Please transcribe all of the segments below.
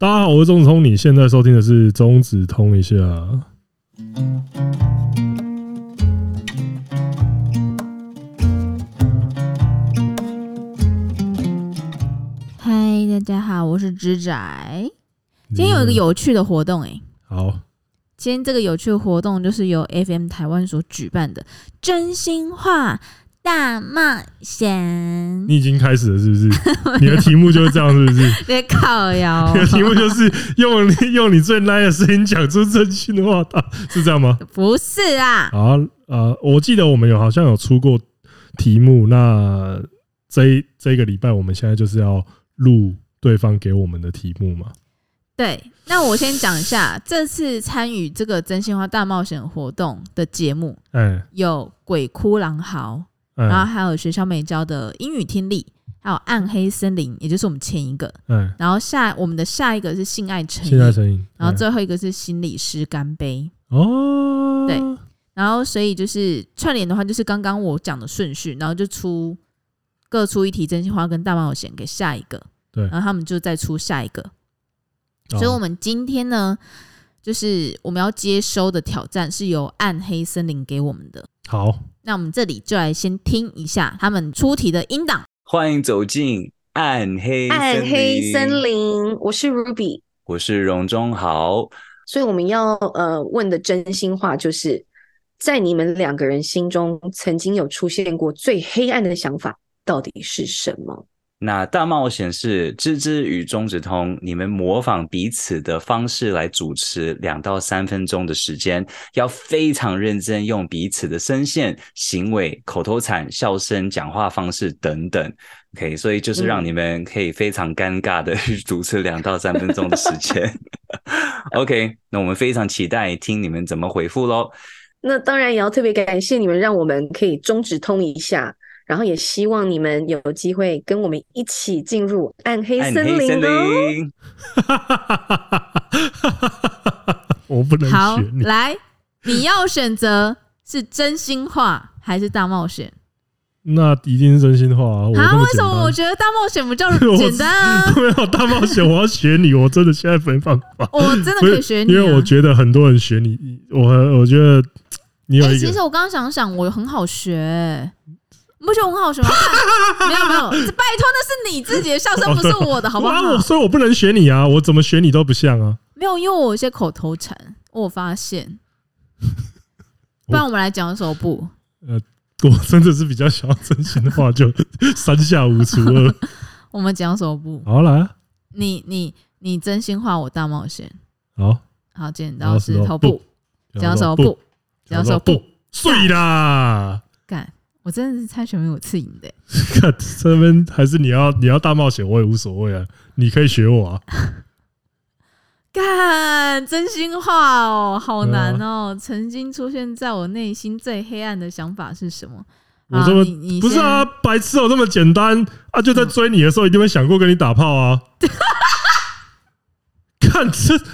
大家好，我是中指通，你現在收聽的是中指通一下。嗨，大家好，我是直仔。今天有一個有趣的活動哎、欸，好、yeah.，今天這個有趣的活動就是由 FM 台灣所舉辦的真心話。大冒險，你已經開始了是不是？ 你的題目就是這樣是不是？別靠喲！你的題目就是用你用你最 nice 的聲音講出真心話，是這樣嗎？不是啊，好啊！啊、呃、我記得我們有好像有出過題目，那這一這一個禮拜我們現在就是要錄對方給我們的題目嘛？對，那我先講一下這次參與這個真心話大冒險活動的節目，嗯，有詭哭郎嚎。然後還有學校沒教的英語聽力，還有《暗黑森林》，也就是我們前一個。嗯，然後下我們的下一個是性愛誠引，性愛誠引，然後最後一個是心理師乾杯。哦，對，然後所以就是串聯的話，就是剛剛我講的順序，然後就出各出一題真心話跟大冒險給下一個，對，然後他們就再出下一個。所以我們今天呢，就是我們要接收的挑戰是由《暗黑森林》給我們的。好，那我們這裡就來先聽一下他們出題的音檔。歡迎走進暗黑暗黑森林，我是 Ruby，我是榮中豪。所以我們要呃問的真心話，就是在你們兩個人心中，曾經有出現過最黑暗的想法，到底是什麼？那大冒險是芝芝與中指通，你們模仿彼此的方式來主持兩到三分鐘的時間，要非常認真，用彼此的聲線、行為、口頭禪、笑聲、講話方式等等。OK，所以就是讓你們可以非常尷尬的去主持兩到三分鐘的時間。 OK，那我們非常期待聽你們怎麼回覆嘍。那當然也要特別感謝你們，讓我們可以中指通一下。然後也希望你們有機會跟我們一起進入暗黑森林喔。我不能選你。來，你要選擇是真心話還是大冒險？那一定是真心話啊！啊，為什麼我覺得大冒險比較簡單啊我？沒有大冒險，我要選你。我真的現在沒辦法，我真的可以選你，啊，因為我覺得很多人選你，我我覺得你，欸、其實我剛剛想想，我很好學、欸。不覺很好是嗎？啊、哈哈哈哈沒有沒有，拜托那是你自己的笑聲，不是我的，好不好？所以，我不能學你啊！我怎麼學你都不像啊！沒有，因為我有一些口頭禪，我發現我。不然我們來講手麼不？呃，我真的是比較想要真心的話就，就 三下五除二。 我們講手麼不？好來、啊，你你你真心話，我大冒險。好，好，剪刀石、哦、頭布，講什麼不？講什麼不？水啦！幹。我真的是猜選有刺贏的、欸，幹身份還是你要你要大冒險，我也無所謂啊，你可以學我啊幹。幹真心話哦，好難哦。啊、曾經出現在我內心最黑暗的想法是什麼？麼啊、你你不是啊，白痴哦、喔，這麼簡單啊？就在追你的時候，一定會想過跟你打炮啊？幹 這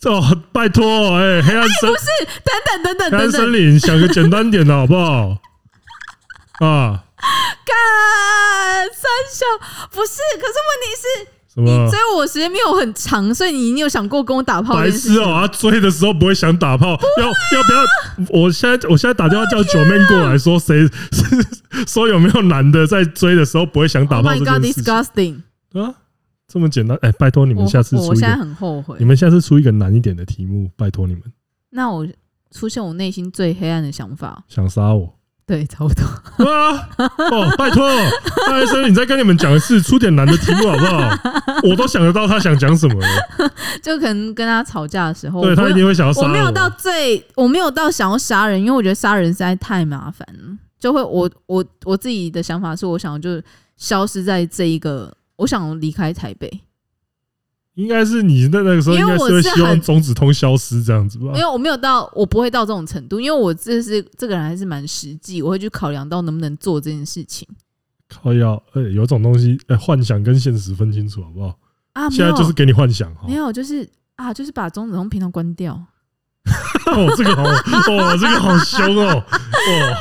這，喔、拜托哎、喔欸欸，黑暗森林不是等等等等等黑暗森林，想個簡單點的好不好？ 啊！幹、啊，三小？不是，可是問題是，什麼你追我時間沒有很長，所以你你有想過跟我打炮事？白痴哦、喔！他、啊、追的時候不會想打炮，啊、要要不要？我現在我現在打電話叫九妹過來說，誰、啊、說有沒有男的在追的時候不會想打炮？Oh my god, disgusting 啊，這麼簡單？哎、欸，拜托你們下次出一個我，我現在很後悔。你們下次出一個難一點的題目，拜托你們。那我出現我內心最黑暗的想法，想殺我。對，差不多 對、啊。對哦，拜託，大生，你再跟你們講一次 出點難的題目好不好？我都想得到他想講什麼了。 就可能跟他吵架的時候，對他一定會想要殺我，我沒有到最，我沒有到想要殺人，因為我覺得殺人實在太麻煩了，就會我我我自己的想法是，我想就是消失在這一個，我想離開台北。應該是你在那個時候，應該是會希望中指通消失這樣子吧？因為沒有，我沒有到，我不會到這種程度，因為我這是這個人還是蠻實際，我會去考量到能不能做這件事情。靠腰，哎、欸，有種東西，哎、欸，幻想跟現實分清楚好不好？啊，現在就是給你幻想，好沒有，就是啊，就是把中指通頻道關掉 哦、這個。哦，這個好，哇，這個好凶哦，哦，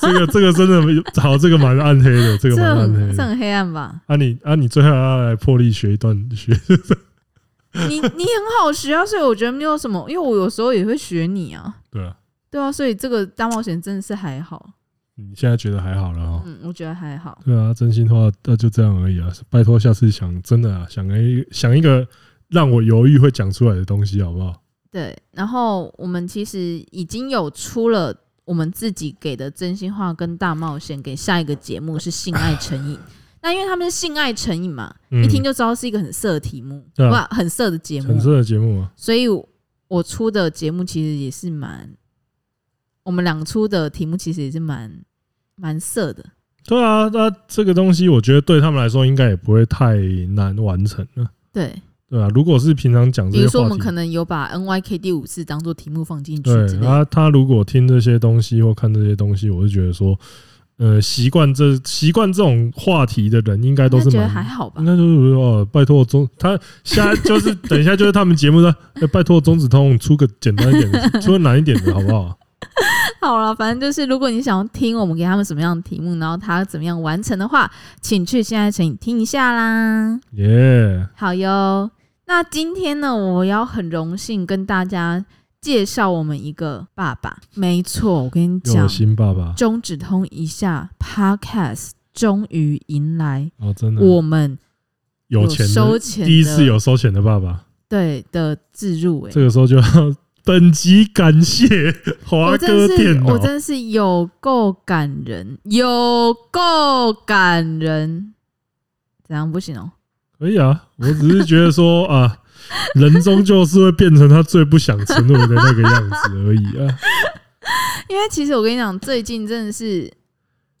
這個這個真的，好，這個蠻暗黑的，這個蠻暗黑的，這很黑暗吧？啊你，你啊，你最後要來破例學一段學。 你你很好學啊，所以我覺得沒有什麼，因為我有時候也會學你啊。對啊，對啊，所以這個大冒險真的是還好。你現在覺得還好了？嗯，我覺得還好。對啊，真心話那就這樣而已啊！拜托，下次想真的啊，想一想一個讓我猶豫會講出來的東西，好不好？對。然後我們其實已經有出了我們自己給的真心話跟大冒險，給下一個節目是性愛誠引。那因為他們是性愛成癮嘛，一聽就知道是一個很色的題目、嗯，對吧、啊？很色的節目，很色的節目嘛。所以，我出的節目其實也是蠻，我們兩出的題目其實也是蠻蠻色的。對啊，那、啊、這個東西我覺得對他們來說應該也不會太難完成了。對對啊，如果是平常講這些，比如說我們可能有把 N Y K D 五四當做題目放進去他、啊、他如果聽這些東西或看這些東西，我就覺得說。呃，習慣這習慣這種話題的人應，應該都是覺得還好吧？應該就是哦，拜托中他現在就是 等一下，就是他們節目說、欸，拜托中指通出個簡單一點的、出個難一點的 好不好？好啦，反正就是如果你想要聽我們給他們什麼樣的題目，然後他怎麼樣完成的話，請去現在請聽一下啦。耶、yeah，好喲。那今天呢，我要很榮幸跟大家。介紹我們一個爸爸，沒錯，我跟你講，新爸爸，中指通一下，Podcast 終於迎來我們有錢收錢，錢，第一次有收錢的爸爸，對的，自入誒、欸，這個時候就要本集感謝驊哥電腦，我真是，我真是有夠感人，有夠感人，怎樣不行哦？可以啊，我只是覺得說啊。 人終究是會變成他最不想承諾的那個樣子而已啊 因為其實我跟你講，最近真的是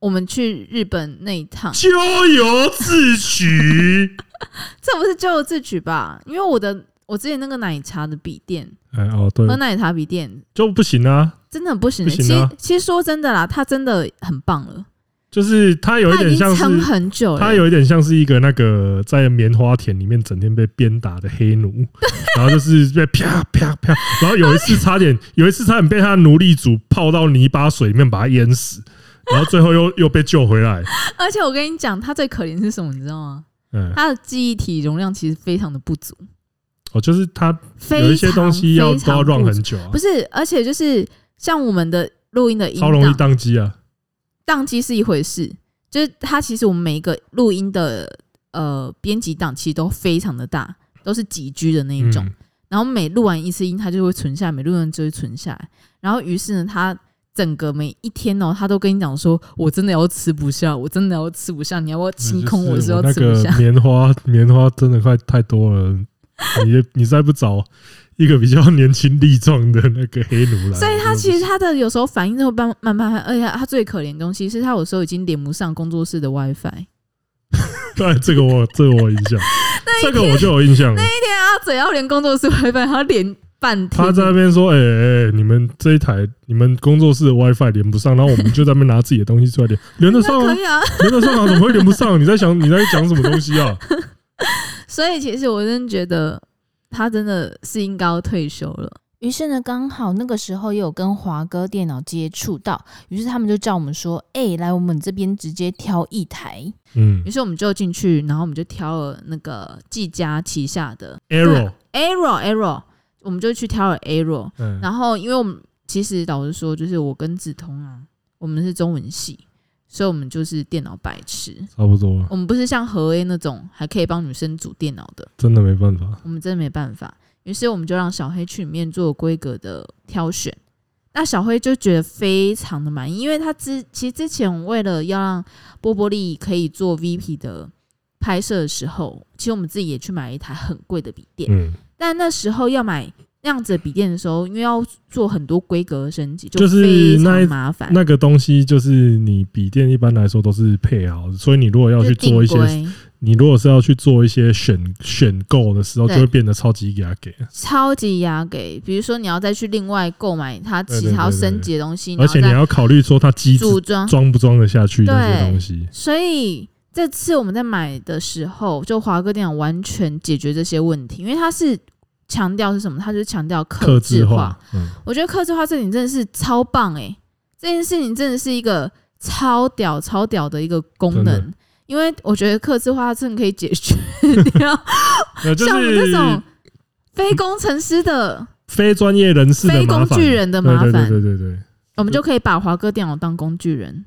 我們去日本那一趟咎由自取 ，這不是咎由自取吧？因為我的我之前那個奶茶的筆電，哎、欸、哦，對，喝奶茶筆電就不行啊，真的很不行，不行、啊。其實其實說真的啦，他真的很棒了。就是他有一點像是，他有一點像是一個那個在棉花田裡面整天被鞭打的黑奴，然後就是被啪啪啪啪，然後有一次差點，有一次差點被他奴隸主泡到泥巴水裡面把他淹死，然後最後又又被救回來。而且我跟你講，他最可憐是什麼，你知道嗎？嗯，他的記憶體容量其實非常的不足。哦，就是他有一些東西要都要 run 很久，不是？而且就是像我們的錄音的超容易當機啊。當機是一回事，就是他其實我們每一個錄音的呃編輯檔其實都非常的大，都是幾 G 的那一種。嗯、然後每錄完一次音，他就會存下來，每錄完就會存下來。然後於是呢，他整個每一天哦、喔，他都跟你講說：“我真的要吃不下，我真的要吃不下，你要不要清空？”我是要吃不下，棉花 棉花真的快太多了，你你再不找一個比較年輕力壯的那個黑奴了，所以他其實他的有時候反應都會慢慢慢。而且他最可憐的東西是，他有時候已經連不上工作室的 WiFi 。對，這個我這個我印象， 這個我就有印象。那一天他只要連工作室 WiFi，他連半天。他在那邊說：“哎、欸欸，你們這一台，你們工作室的 WiFi 連不上，然後我們就在那邊拿自己的東西出來連，連得上啊，可以啊 連得上嗎、啊？怎麼會連不上、啊？你在想你在講什麼東西啊？” 所以，其實我真的覺得。他真的是應該要退休了。於是呢，剛好那個時候也有跟華哥電腦接觸到，於是他們就叫我們說：“哎、欸，來我們這邊直接挑一台。”嗯，於是我們就進去，然後我們就挑了那個技嘉旗下的 Aero Aero Aero，我們就去挑了 Aero。嗯，然後因為我們其實老實說，就是我跟志通啊，我們是中文系，所以我們就是電腦白痴，差不多。我們不是像何 A 那種還可以幫女生組電腦的，真的沒辦法。我們真的沒辦法，於是我們就讓小黑去裡面做規格的挑選。那小黑就覺得非常的滿意，因為他之其實之前為了要讓波波利可以做 VP 的拍攝的時候，其實我們自己也去買了一台很貴的筆電。嗯，但那時候要買。那樣子筆電的時候，因為要做很多規格的升級，就、就是非常麻煩。那個東西就是你筆電一般來說都是配好的，所以你如果要去做一些，你如果是要去做一些選選購的時候，就會變得超級牙給。超級牙給，比如說你要再去另外購買它其他升級的東西，對對對對對，而且你要考慮說它基礎裝不裝得下去那些東西。所以這次我們在買的時候，就驊哥電腦完全解決這些問題，因為它是。強調是什麼？他就是強調客製化。我覺得客製化這件事真的是超棒哎、欸！這件事情真的是一個超屌、超屌的一個功能，因為我覺得客製化真的可以解決 就是笑像我像這種非工程師的、非專業人士、非工具人的麻煩。對對對對我們就可以把驊哥電腦當工具人、啊。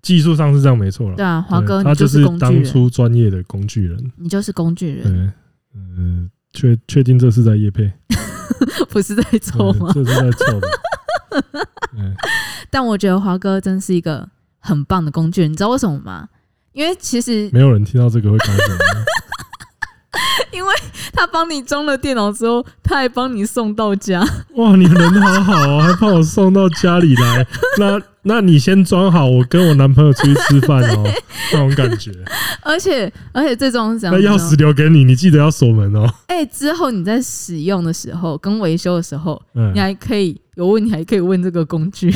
技術上是這樣，沒錯了。對啊，驊哥，他就是當初專業的工具人，你就是工具人。嗯。.確確定這是在業配， 不是在抽嗎？這是在抽 。但我覺得驊哥真是一個很棒的工具，你知道為什麼嗎？因為其實沒有人聽到這個會幹的。 因為他幫你裝了電腦之後，他還幫你送到家。 哇，你人好好啊、哦，還幫我送到家裡來。那。那你先裝好，我跟我男朋友出去吃飯哦，那種感覺 而。而且而且，最重要是怎樣？那鑰匙留給你，你記得要鎖門哦。哎，之後你在使用的時候，跟維修的時候，嗯、你還可以。有問題還可以問這個工具。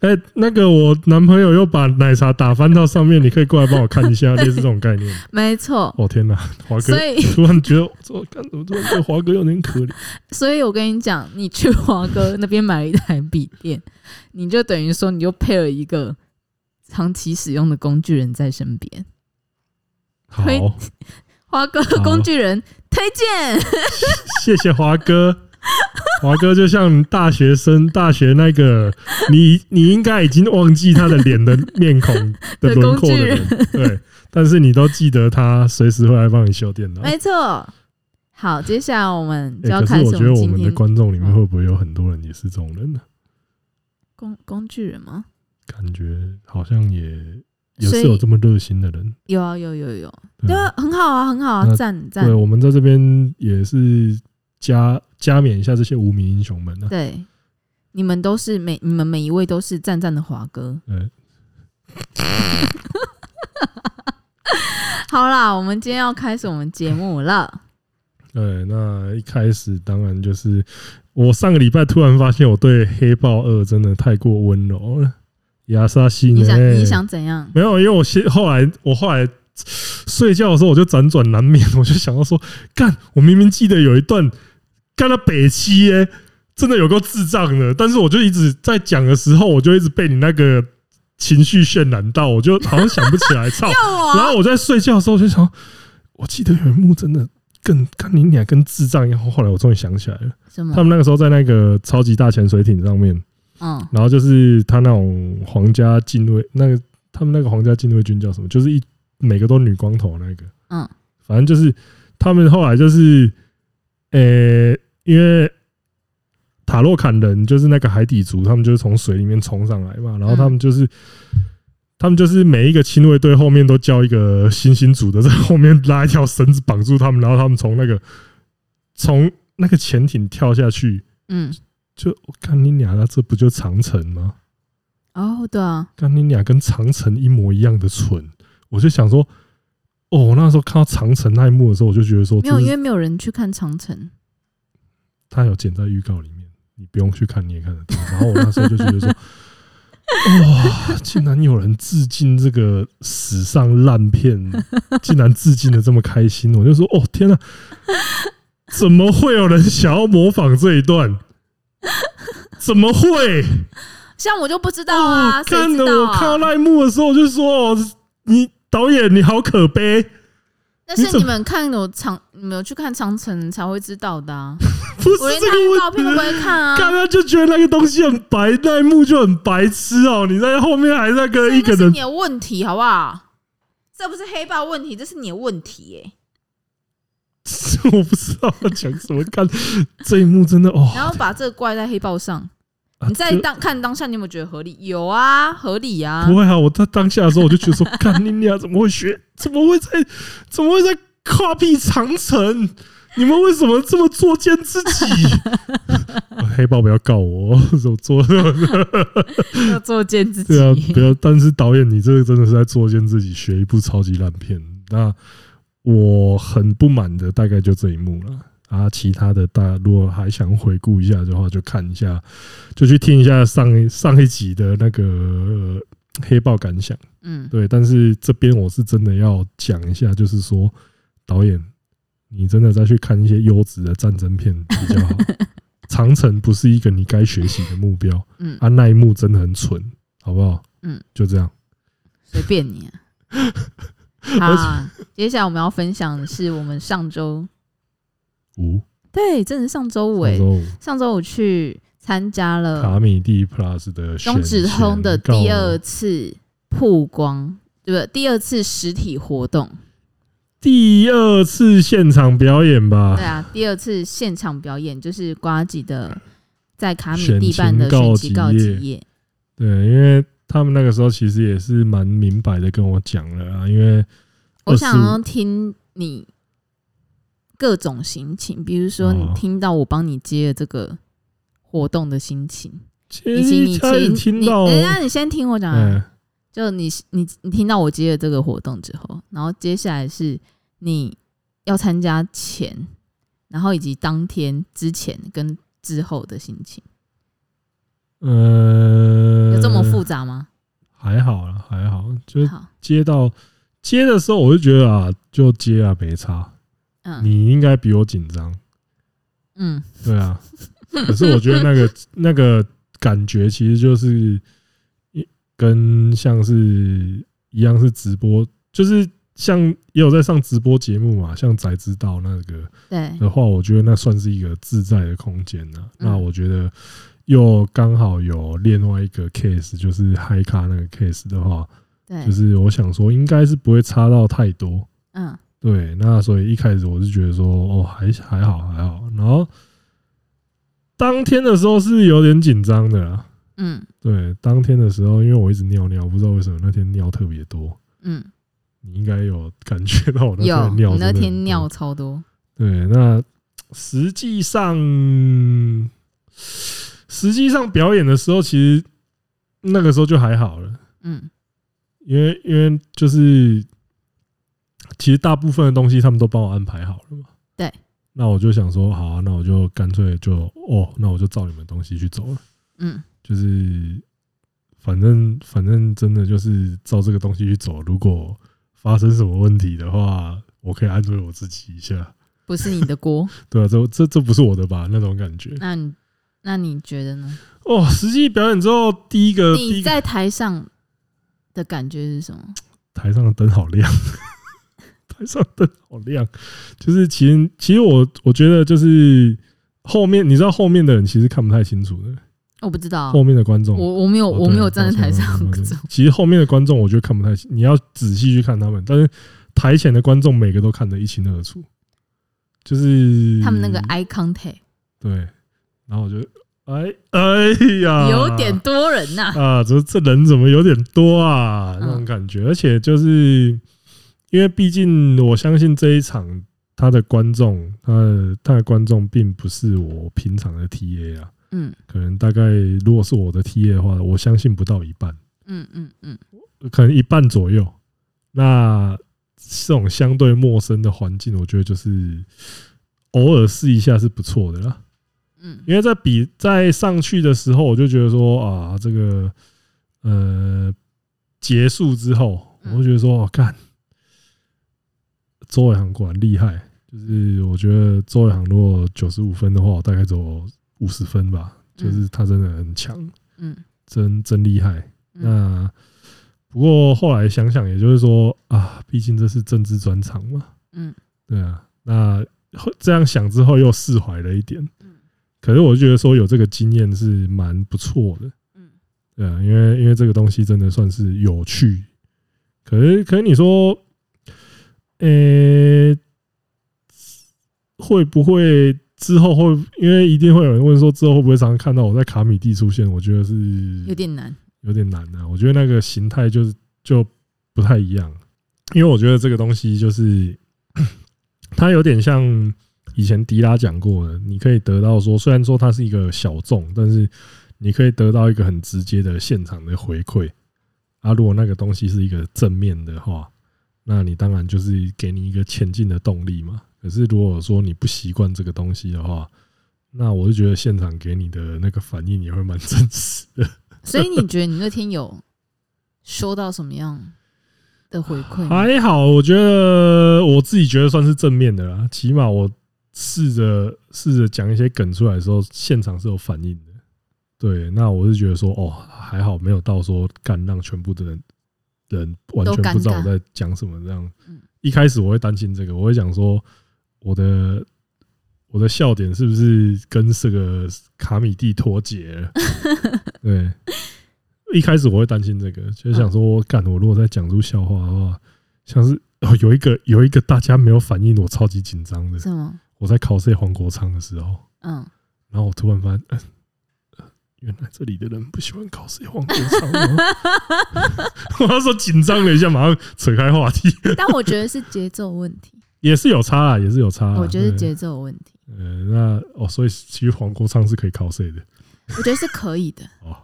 哎、欸，那個我男朋友又把奶茶打翻到上面， 你可以過來幫我看一下， 類似這種概念。沒錯。哦天哪，驊哥，所以突然覺得這幹怎麼這驊哥有點可憐。所以我跟你講，你去驊哥那邊買了一台筆電， 你就等於說你又配了一個長期使用的工具人在身邊。好，驊哥工具人推薦。 謝謝驊哥。華 哥就像大學生大學那個，你你應該已經忘記他的臉的面孔的輪廓的，人， 的人，對，但是你都記得他隨時會來幫你修電腦。沒錯，好，接下來我們就要開始、欸。可是我覺得我們的觀眾裡面會不會有很多人也是這種人呢、啊？工工具人嗎？感覺好像也也是有這麼熱心的人，有啊，有有有，就、啊、很好啊，很好啊，讚讚。對，我們在這邊也是。加加冕一下這些無名英雄們呢、啊？對，你們都是每你們每一位都是讚讚的驊哥。 好啦，我們今天要開始我們節目了。對，那一開始當然就是我上個禮拜突然發現我對黑豹二真的太過溫柔了。亞莎西，你想你想怎樣？沒有，因為我先後來我後來睡覺的時候我就輾轉難眠，我就想到說，幹，我明明記得有一段。看到北七耶，欸，真的有夠智障的，但是我就一直在講的時候，我就一直被你那個情緒渲染到，我就好像想不起來。操！ 然後我在睡覺的時候就想，我記得有一幕真的更，看你倆跟智障一樣。後來我終於想起來了，什麼？他們那個時候在那個超級大潛水艇上面，嗯，然後就是他那種皇家禁衛，那個他們那個皇家禁衛軍叫什麼？就是一每個都女光頭那個，嗯，反正就是他們後來就是，誒、欸。因為塔洛坎人就是那個海底族，他們就是從水裡面衝上來嘛，然後他們就是，嗯、他們就是每一個親衛隊後面都叫一個星星族的在後面拉一條繩子綁住他們，然後他們從那個從那個潛艇跳下去，嗯，就，哦，幹你娘，這不就長城嗎？哦，對啊，幹你娘跟長城一模一樣的蠢，我就想說，哦，那時候看到長城那一幕的時候，我就覺得說，沒有，因為沒有人去看長城。他有剪在預告裡面，你不用去看你也看得到，然後我那時候就覺得說，哇、 哦，竟然有人致敬這個史上爛片，竟然致敬的這麼開心，我就說，哦天吶、啊，怎麼會有人想要模仿這一段？怎麼會？像我就不知道，啊！哦」真、啊、的，我看到那一幕的時候，我就說，哦，你導演你好可悲。但是你們看有長，你們有去看長城才會知道的，啊。 不是看照片都不會看啊，剛剛就覺得那個東西很白，那幕就很白痴哦，喔。你在後面還在跟一個人，這是你的問題好不好？這不是黑豹問題，這是你的問題哎，欸。是 我不知道要講什麼， 看這一幕真的哦。然後把這個掛在黑豹上。啊、你在當看當下，你有沒有覺得合理？有啊，合理啊。不會啊，我在當下的時候，我就覺得說，幹 你們倆怎麼會學？怎麼會在？怎麼會在 copy 長城？你們為什麼這麼作賤自己？ 黑豹不要告我，怎麼作？要作賤自己？對啊，不要。但是導演，你這個真的是在作賤自己，學一部超級爛片。那我很不滿的，大概就這一幕了。啊，其他的大家如果還想回顧一下的話，就看一下，就去聽一下上一上一集的那個《呃、黑豹感想》。嗯，對。但是這邊我是真的要講一下，就是說導演，你真的再去看一些優質的戰爭片比較好。 長城不是一個你該學習的目標。嗯。啊，那一幕真的很蠢，好不好？嗯，就這樣，隨便你。啊！ 好 接下來我們要分享的是我們上周。五對，真的是上周五,五。上週五去參加了卡米地 plus 的中指通的第二次曝光，對、嗯、不對？第二次實體活動，第二次現場表演吧？對啊，第二次現場表演就是呱吉的在卡米地辦的選情告急夜、夜。對，因為他們那個時候其實也是蠻明白的跟我講了，啊，因為、就是、我想要聽你。各種心情，比如說你聽到我幫你接的這個活動的心情，以及你聽聽到，那你先聽我講、啊，就你你你聽到我接了這個活動之後，然後接下來是你要參加前，然後以及當天之前跟之後的心情，呃，有這麼複雜嗎？嗯、還好啦，還好，就接到接的時候，我就覺得啊，就接啊，沒差。你應該比我緊張，嗯，對啊，嗯。可是我覺得那個 那個感覺其實就是跟像是一樣是直播，就是像也有在上直播節目嘛，像宅知道那個對的話，我覺得那算是一個自在的空間呢。那我覺得又剛好有另外一個 case，就是嗨咖那個 case 的話，對，就是我想說應該是不會差到太多，嗯。對，那所以一開始我是覺得說，哦，還還好還好。然後當天的時候是有點緊張的啦，嗯，對，當天的時候因為我一直尿尿，不知道為什麼那天尿特別多，嗯，你應該有感覺到我那天尿，你那天尿超多，對，那實際上、嗯、實際上表演的時候其實那個時候就還好了，嗯，因為因為就是。其實大部分的東西他們都幫我安排好了嘛。對，那我就想說，好啊，那我就乾脆就哦，那我就照你們的東西去走了。嗯，就是反正反正真的就是照這個東西去走。如果發生什麼問題的話，我可以安慰我自己一下，不是你的鍋。 對啊，這這這不是我的吧那種感覺？那你那你覺得呢？哦，實際表演之後第一個，你在台上的感覺是什麼？台上的燈好亮。上燈好亮，就是其實其實我我覺得就是後面，你知道後面的人其實看不太清楚的。我不知道後面的觀眾，我我沒有、喔、我，沒有我沒有站在台上，台上其實後面的觀眾我覺得看不太清， 你要仔細去看他們。但是台前的觀眾每個都看得一清二楚，就是他們那個 eye contact 對，然後我就哎哎呀，有點多人吶啊，這、啊、這人怎麼有點多啊、嗯、那種感覺，而且就是。因為畢竟，我相信這一場他的觀眾，他的他的觀眾並不是我平常的 T A 啊，嗯，可能大概如果是我的 T A 的話，我相信不到一半，嗯嗯嗯，可能一半左右。那這種相對陌生的環境，我覺得就是偶爾試一下是不錯的啦，嗯，因為在比在上去的時候，我就覺得說啊，這個呃結束之後，我就覺得說啊，幹。周偉航果然厲害，就是我覺得周偉航如果九十五分的話，我大概只有五十分吧，嗯、就是他真的很強，嗯真，真真厲害。嗯、那不過後來想想，也就是說啊，畢竟這是政治專場嘛，嗯，對啊。那這樣想之後又釋懷了一點，嗯。可是我覺得說有這個經驗是蠻不錯的，嗯，對啊，因為因為這個東西真的算是有趣。可是可是你說。呃、欸，會不會之後會？因為一定會有人問說，之後會不會常常看到我在卡米地出現？我覺得是有點難，有點難呢，我覺得那個形態就是就不太一樣，因為我覺得這個東西就是它有點像以前迪拉講過的，你可以得到說，雖然說它是一個小眾，但是你可以得到一個很直接的現場的回饋。啊，如果那個東西是一個正面的話。那你當然就是給你一個前進的動力嘛。可是如果說你不習慣這個東西的話，那我就覺得現場給你的那個反應也會蠻真實的。所以你覺得你那天有收到什麼樣的回饋？ 還好，我覺得我自己覺得算是正面的啦。起碼我試着試着講一些梗出來的時候，現場是有反應的。對，那我是覺得說，哦，還好沒有到說幹，讓全部的人。人完全不知道我在講什麼，這樣。一開始我會擔心這個，我會想說，我的我的笑點是不是跟這個卡米蒂脫節了？對，一開始我會擔心這個，就是想說，我幹我如果再講出笑話的話，像是有一個有一個大家沒有反應，我超級緊張的。我在考試黃國昌的時候，嗯，然後我突然發。原來這裡的人不喜歡考誰黃國昌嗎？我要說緊張了一下，馬上扯開話題。但我覺得是節奏問題，也是有差啊，也是有差啊。我覺得是節奏問題。嗯，那哦，所以其實黃國昌是可以考誰的？我覺得是可以的。哦，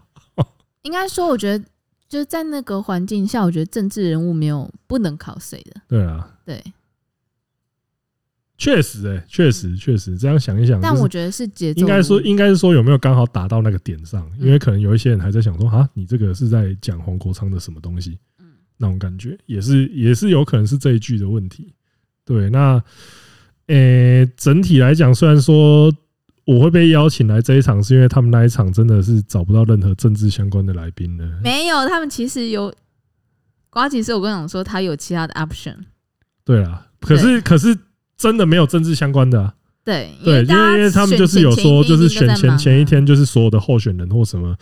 應該說，我覺得就在那個環境下，我覺得政治人物沒有不能考誰的。對啊，對。確實哎、欸，確實確實這樣想一想，但我覺得是節奏應該說應該是說有沒有剛好打到那個點上，因為可能有一些人還在想說啊，你這個是在講黃國昌的什麼東西？嗯，那種感覺也是也是有可能是這一句的問題。對，那呃、欸，整體來講，雖然說我會被邀請來這一場，是因為他們那一場真的是找不到任何政治相關的來賓了，沒有。他們其實有，瓜吉斯我跟你講說他有其他的 option。對啊，可是可是。真的沒有政治相關的啊對？一天一天對對，因為因為他們就是有說，就是選前前,前一天，就是所有的候選人或什麼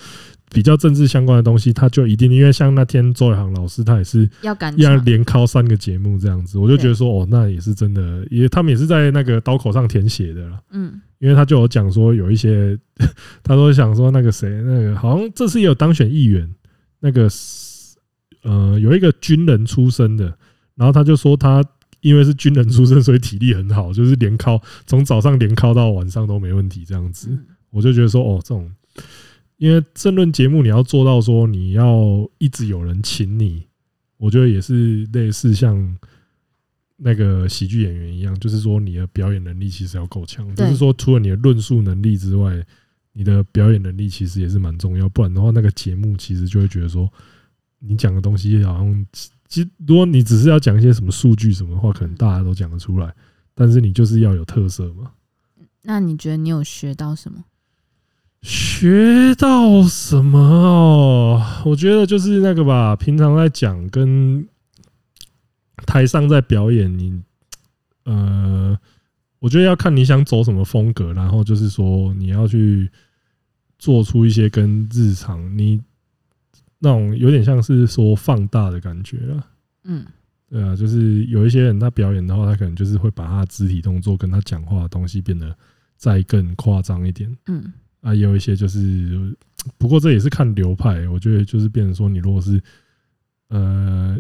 比較政治相關的東西，他就一定一因為像那天周偉航老師，他也是要連考三個節目這樣子，我就覺得說哦，那也是真的，也他們也是在那個刀口上填寫的了。嗯，因為他就有講說有一些，他都想說那個誰，那個、嗯、好像這次也有當選議員，那個呃有一個軍人出身的，然後他就說他。因為是軍人出身，所以體力很好，就是連尻從早上連尻到晚上都沒問題。這樣子，我就覺得說，哦，這種因為政論節目你要做到說，你要一直有人請你，我覺得也是類似像那個喜劇演員一樣，就是說你的表演能力其實要夠強，就是說除了你的論述能力之外，你的表演能力其實也是蠻重要，不然的話，那個節目其實就會覺得說，你講的東西好像。其實，如果你只是要講一些什麼數據什麼的話，可能大家都講得出來。但是你就是要有特色嘛。那你覺得你有學到什麼？學到什麼哦？我覺得就是那個吧。平常在講跟台上在表演你，你呃，我覺得要看你想走什麼風格。然後就是說你要去做出一些跟日常你。那種有點像是說放大的感覺了，嗯，對啊，就是有一些人他表演的話，他可能就是會把他肢體動作跟他講話的東西變得再更誇張一點，嗯，啊，有一些就是，不過這也是看流派、欸，我覺得就是變成說，你如果是，呃，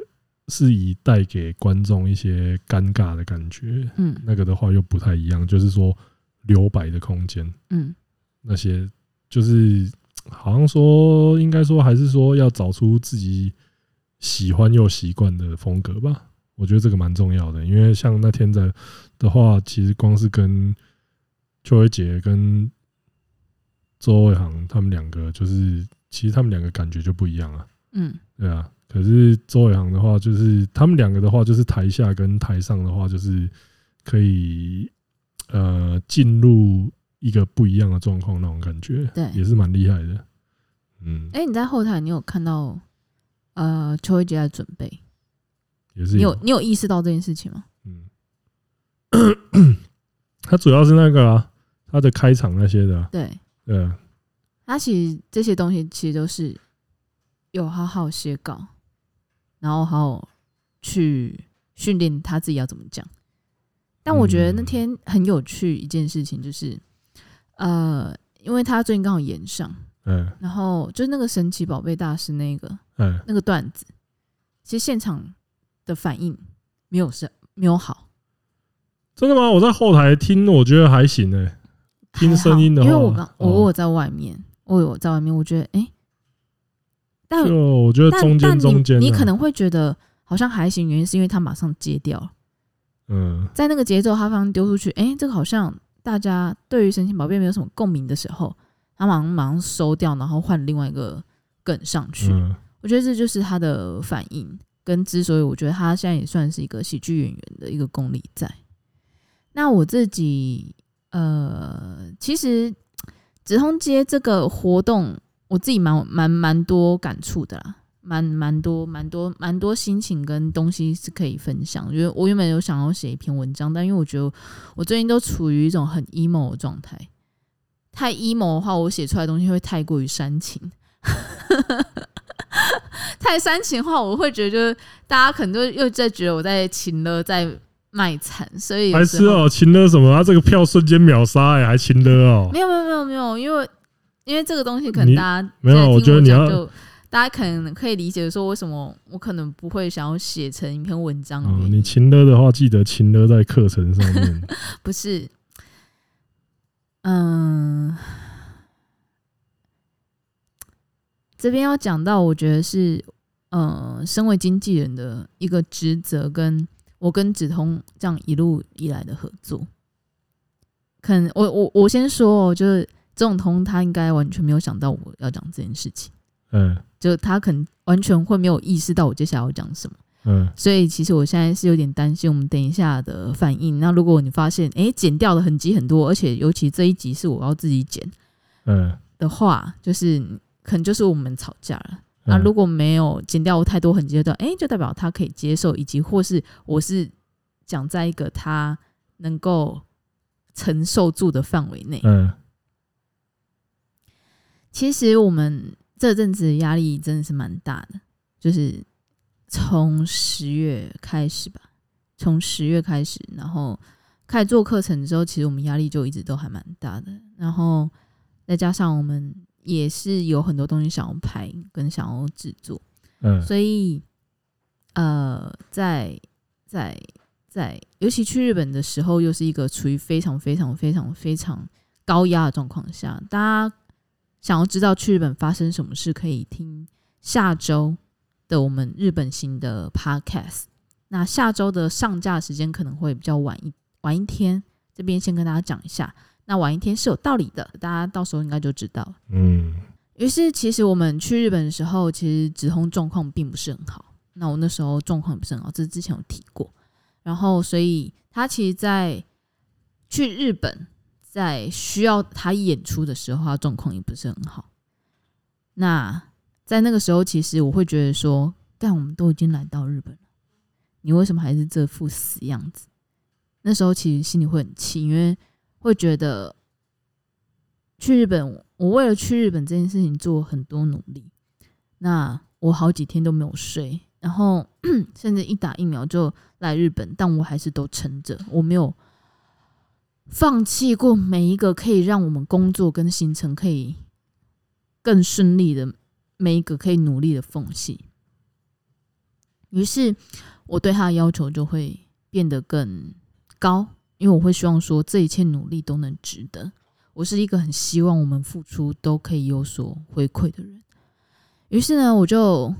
是以帶給觀眾一些尷尬的感覺，嗯，那個的話又不太一樣，就是說留白的空間，嗯，那些就是。好像說，應該說還是說要找出自己喜歡又習慣的風格吧。我覺得這個蠻重要的，因為像那天的的話，其實光是跟邱偉傑跟周偉航他們兩個，就是其實他們兩個感覺就不一樣啊。嗯，對啊。可是周偉航的話，就是他們兩個的話，就是台下跟台上的話，就是可以呃進入。一個不一樣的狀況，那種感覺，對，也是蠻厲害的，嗯、欸，哎，你在後台，你有看到呃，邱一傑的準備，也是，你有你有意識到這件事情嗎？嗯，他 主要是那個啊，他的開場那些的、啊，對，對、啊。他其實這些東西其實都是有好好寫稿，然後還有去訓練他自己要怎麼講，但我覺得那天很有趣一件事情就是。呃，因為他最近剛好演上，嗯、欸，然後就是那個神奇寶貝大師那個，嗯、欸，那個段子，其實現場的反應沒有聲，沒有好。真的嗎？我在後台聽，我覺得還行哎、欸。聽聲音的話，因為我剛、哦、我偶爾在外面，我我在外面，我覺得哎、欸。但就我覺得中間中間、啊，你可能會覺得好像還行，原因是因為他馬上接掉，嗯，在那個節奏他剛丟出去，哎、欸，這個好像。大家對於《神奇寶貝》沒有什麼共鳴的時候，他馬上馬上收掉，然後換另外一個梗上去、嗯。我覺得這就是他的反應，跟之所以我覺得他現在也算是一個喜劇演員的一個功力在。那我自己呃，其實直通街這個活動，我自己蠻蠻蠻多感觸的啦。蠻蠻多蠻多蠻多心情跟東西是可以分享，因為我原本有想要寫一篇文章，但因為我覺得我最近都處於一種很 emo 的狀態，太 emo 的話，我寫出來的東西會太過於煽情； 太煽情的話，我會覺得就大家可能就又在覺得我在情勒在賣慘，所以還是哦，情勒什麼？他這個票瞬間秒殺哎，還情勒哦？沒有沒有沒有沒有，因為因為這個東西可能大家沒有，我覺得你要。大家可能可以理解說，為什麼我可能不會想要寫成一篇文章。啊，你勤勒的話，記得勤勒在課程上面。 不是，嗯、呃，這邊要講到，我覺得是，嗯、呃，身為經紀人的一個職責，跟我跟指通這樣一路以來的合作，可能我我我先說，哦，就是中指通他應該完全沒有想到我要講這件事情。嗯，就他可能完全會沒有意識到我接下來要講什麼，嗯，所以其實我現在是有點擔心我們等一下的反應。那如果你發現哎、欸、剪掉的痕跡很多，而且尤其這一集是我要自己剪，嗯的話，就是可能就是我們吵架了、啊。那如果沒有剪掉太多痕跡的，哎、欸，就代表他可以接受，以及或是我是講在一個他能夠承受住的範圍內。嗯，其實我們。這陣子壓力真的是蠻大的，就是從十月開始吧，從十月開始，然後開始做課程之後，其實我們壓力就一直都還蠻大的，然後再加上我們也是有很多東西想要拍跟想要制作，嗯，所以呃，在在在，尤其去日本的時候，又是一個處於非常非常非常非常高壓的狀況下，大家。想要知道去日本發生什麼事，可以聽下周的我們日本新的 podcast。那下周的上架時間可能會比較晚一晚一天，這邊先跟大家講一下。那晚一天是有道理的，大家到時候應該就知道。嗯。於是，其實我們去日本的時候，其實指通狀況並不是很好。那我那時候狀況也不是很好，這是之前有提過。然後，所以他其實在去日本。在需要他演出的時候，他狀況也不是很好。那在那個時候，其實我會覺得說：幹，但我們都已經來到日本了，你為什麼還是這副死樣子？那時候其實心裡會很氣，因為會覺得去日本，我為了去日本這件事情做了很多努力。那我好幾天都沒有睡，然後甚至一打疫苗就來日本，但我還是都撐着，我沒有，放棄過每一個可以讓我們工作跟行程可以更順利的，每一個可以努力的縫隙，於是我對他的要求就會變得更高，因為我會希望說，這一切努力都能值得。我是一個很希望我們付出都可以有所回饋的人，於是呢，我就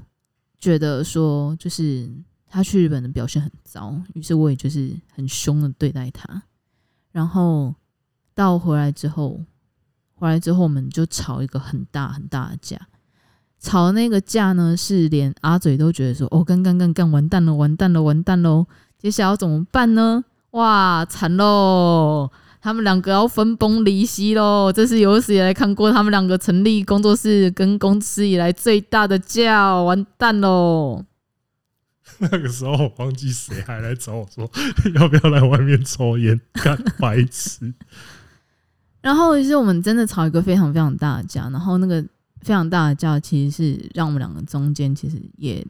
覺得說，就是他去日本的表現很糟，於是我也就是很凶的對待他。然後到回來之後，回來之後我們就吵一個很大很大的架。吵那個架呢，是連阿嘴都覺得說：“哦，干干干幹完蛋了，完蛋了，完蛋嘍！接下來要怎麼辦呢？哇，慘嘍！他們兩個要分崩離析嘍！這是有史以來看過他們兩個成立工作室跟公司以來最大的架，完蛋嘍！”那個時候我忘記誰還來找我說要不要來外面抽菸幹白痴，然後於是我們真的吵一個非常非常大的架，然後那個非常大的架其實是讓我們兩個中間其實也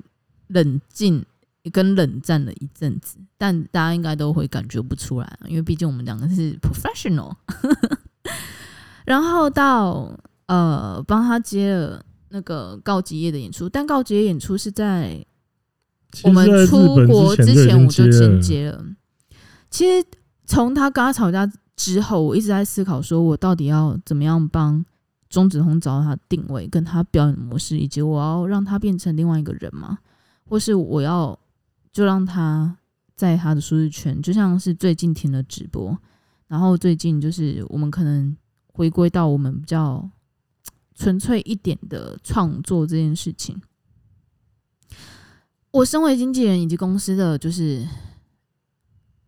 冷靜也跟冷戰了一陣子，但大家應該都會感覺不出來，因為畢竟我們兩個是 professional。然後到呃幫他接了那個告急夜的演出，但告急夜演出是在。我們出國之前我就進階了。其實從他跟他吵架之後，我一直在思考，說我到底要怎麼樣幫中指通找到他的定位，跟他表演模式，以及我要讓他變成另外一個人嘛，或是我要就讓他在他的舒適圈，就像是最近停了直播，然後最近就是我們可能回歸到我們比較純粹一點的創作這件事情。我身為經紀人以及公司的，就是，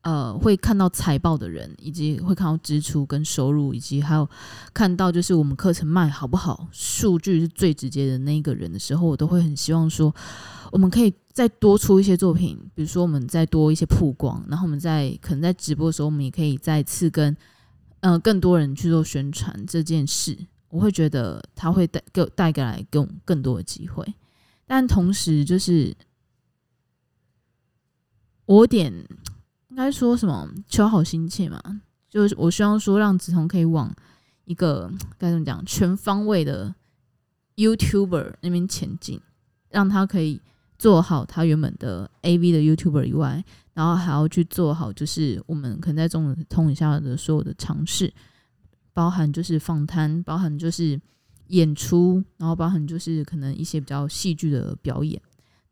呃，會看到財報的人，以及會看到支出跟收入，以及還有看到就是我們課程賣好不好，數據是最直接的那一個人的時候，我都會很希望說，我們可以再多出一些作品，比如說我們再多一些曝光，然後我們在可能在直播的時候，我們也可以再次跟嗯、呃、更多人去做宣傳這件事，我會覺得他會帶給帶過來給我們更多的機會，但同時就是。我有點應該說什麼？求好心切嘛，就是我希望說，讓子彤可以往一個該怎麼講，全方位的 YouTuber 那邊前進，讓他可以做好他原本的 A V 的 YouTuber 以外，然後還要去做好就是我們可能在中指通一下的所有的嘗試，包含就是訪談，包含就是演出，然後包含就是可能一些比較戲劇的表演。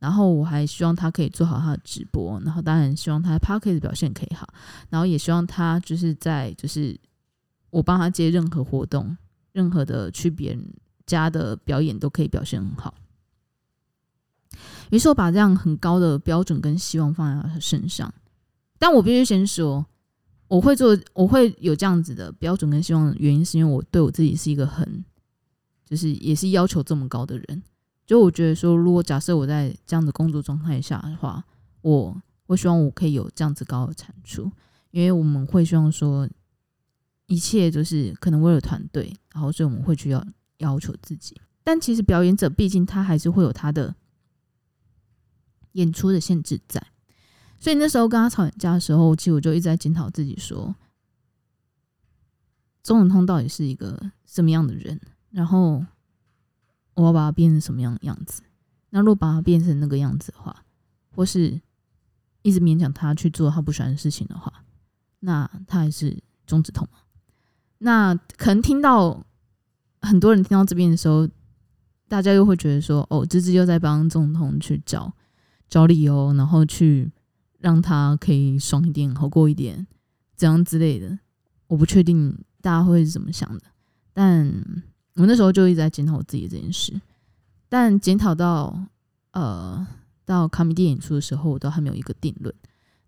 然後我還希望他可以做好他的直播，然後當然希望他 podcast 表現可以好，然後也希望他就是在就是我幫他接任何活動，任何的去別人家的表演都可以表現很好。於是我把這樣很高的標準跟希望放在他身上，但我必須先說，我會做，我會有這樣子的標準跟希望，原因是因為我對我自己是一個很就是也是要求這麼高的人。就我覺得說，如果假設我在這樣的工作狀態下的話，我我希望我可以有這樣子高的產出，因為我們會希望說，一切就是可能為了團隊，然後所以我們會去要要求自己。但其實表演者畢竟他還是會有他的演出的限制在，所以那時候跟他吵架的時候，其實我就一直在檢討自己說，中指通到底是一個什麼樣的人，然後。我要把它變成什麼樣樣子？那如果把它變成那個樣子的話，或是一直勉強他去做他不喜歡的事情的話，那他還是中指通嗎？那可能聽到很多人聽到這邊的時候，大家又會覺得說：“哦，之之又在幫中指通去找找理由，然後去讓他可以爽一點、好過一點，這樣之類的。”我不確定大家會是怎麼想的，但。我那時候就一直在檢討我自己這件事，但檢討到呃到卡米地演出的時候，我都還沒有一個定論。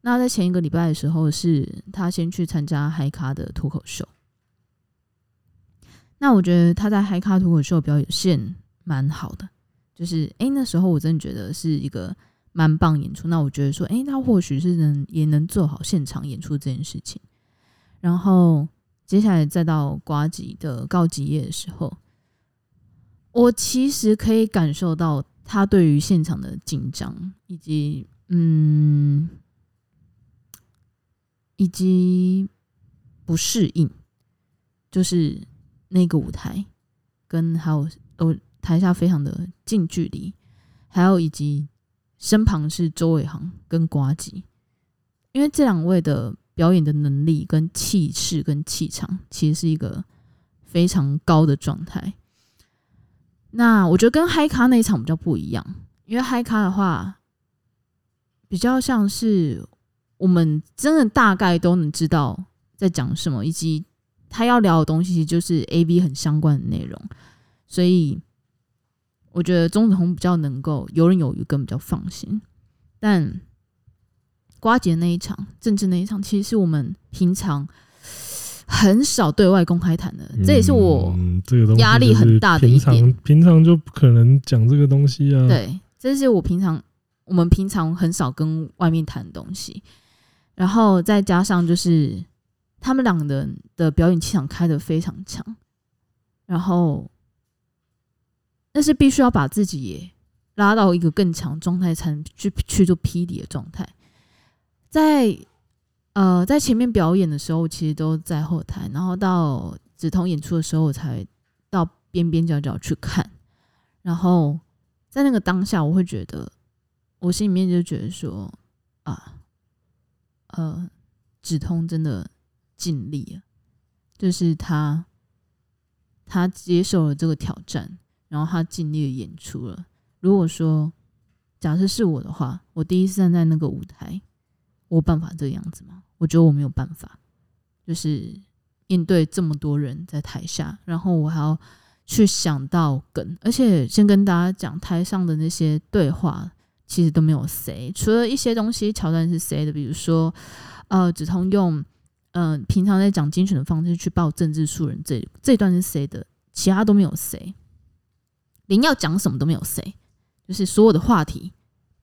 那在前一個禮拜的時候，是他先去參加嗨咖的脫口秀。那我覺得他在嗨咖脫口秀表現蠻好的，就是誒、欸，那時候我真的覺得是一個蠻棒的演出。那我覺得說誒，他、欸、或許是能也能做好現場演出這件事情，然後。接下來再到呱吉的告急夜的時候，我其實可以感受到他對於現場的緊張，以及嗯，以及不適應，就是那個舞台，跟還有、呃、台下非常的近距離，還有以及身旁是周偉航跟呱吉，因為這兩位的。表演的能力、跟氣勢、跟氣場，其實是一個非常高的狀態。那我覺得跟嗨咖那一場比較不一樣，因為嗨咖的話，比較像是我們真的大概都能知道在講什麼，以及他要聊的東西就是 AV 很相關的內容，所以我覺得鐘子紅比較能夠游刃有餘，更比較放心。但瓜姐那一場，政治那一場，其實是我們平常很少對外公開談的，嗯，這也是我這個壓力很大的一點。平常就不可能講這個東西啊。對，這是我平常我們平常很少跟外面談的東西，然後再加上就是他們兩個人的表演氣場開的非常強，然後但是必須要把自己也拉到一個更強狀態，才能去去做 P D 的狀態。在呃，在前面表演的時候，我其實都在後台，然後到指通演出的時候，我才到邊邊角角去看。然後在那個當下，我會覺得，我心裡面就覺得說啊，呃，指通真的盡力了，就是他他接受了這個挑戰，然後他盡力演出了。如果說假設是我的話，我第一次站在那個舞台。我有辦法這個樣子嗎？我覺得我沒有辦法，就是應對這麼多人在台下，然後我還要去想到梗。而且先跟大家講，台上的那些對話其實都沒有誰，除了一些東西，橋段是誰的，比如說呃，子潼用嗯、呃、平常在講精選的方式去報政治素人，這這段是誰的，其他都沒有誰，連要講什麼都沒有誰，就是所有的話題，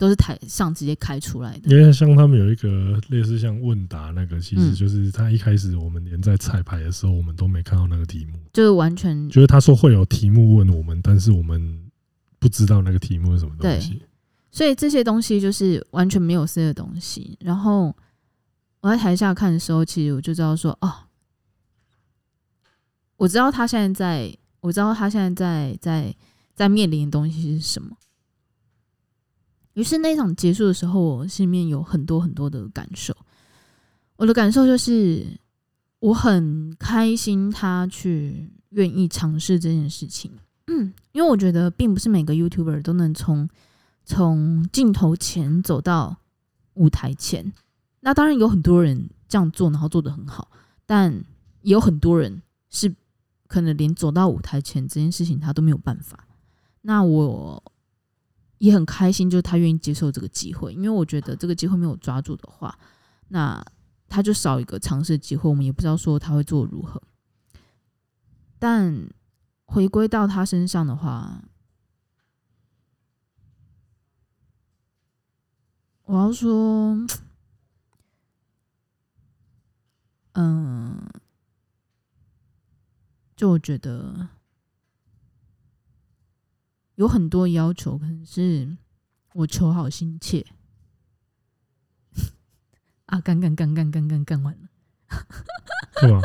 都是台上直接開出來的。因為像他們有一個類似像問答那個，其實就是他一開始我們連在彩排的時候，我們都沒看到那個題目，就是完全就是他說會有題目問我們，但是我們不知道那個題目是什麼東西。對，所以這些東西就是完全沒有 C 的東西。然後我在台下看的時候，其實我就知道說，哦，我知道他現在在，我知道他現在在在在面臨的東西是什麼。於是那一場結束的時候，我心裡面有很多很多的感受。我的感受就是我很開心他去願意嘗試這件事情，嗯，因為我覺得並不是每個 YouTuber 都能從從鏡頭前走到舞台前。那當然有很多人這樣做，然後做得很好，但也有很多人是可能連走到舞台前這件事情他都沒有辦法。那我，也很開心，就是他願意接受這個機會，因為我覺得這個機會沒有抓住的話，那他就少一個嘗試的機會。我們也不知道說他會做如何，但回歸到他身上的話，我要說，嗯、呃，就我覺得。有很多要求，可能是我求好心切 啊！幹干干干干干幹完了， 是嗎？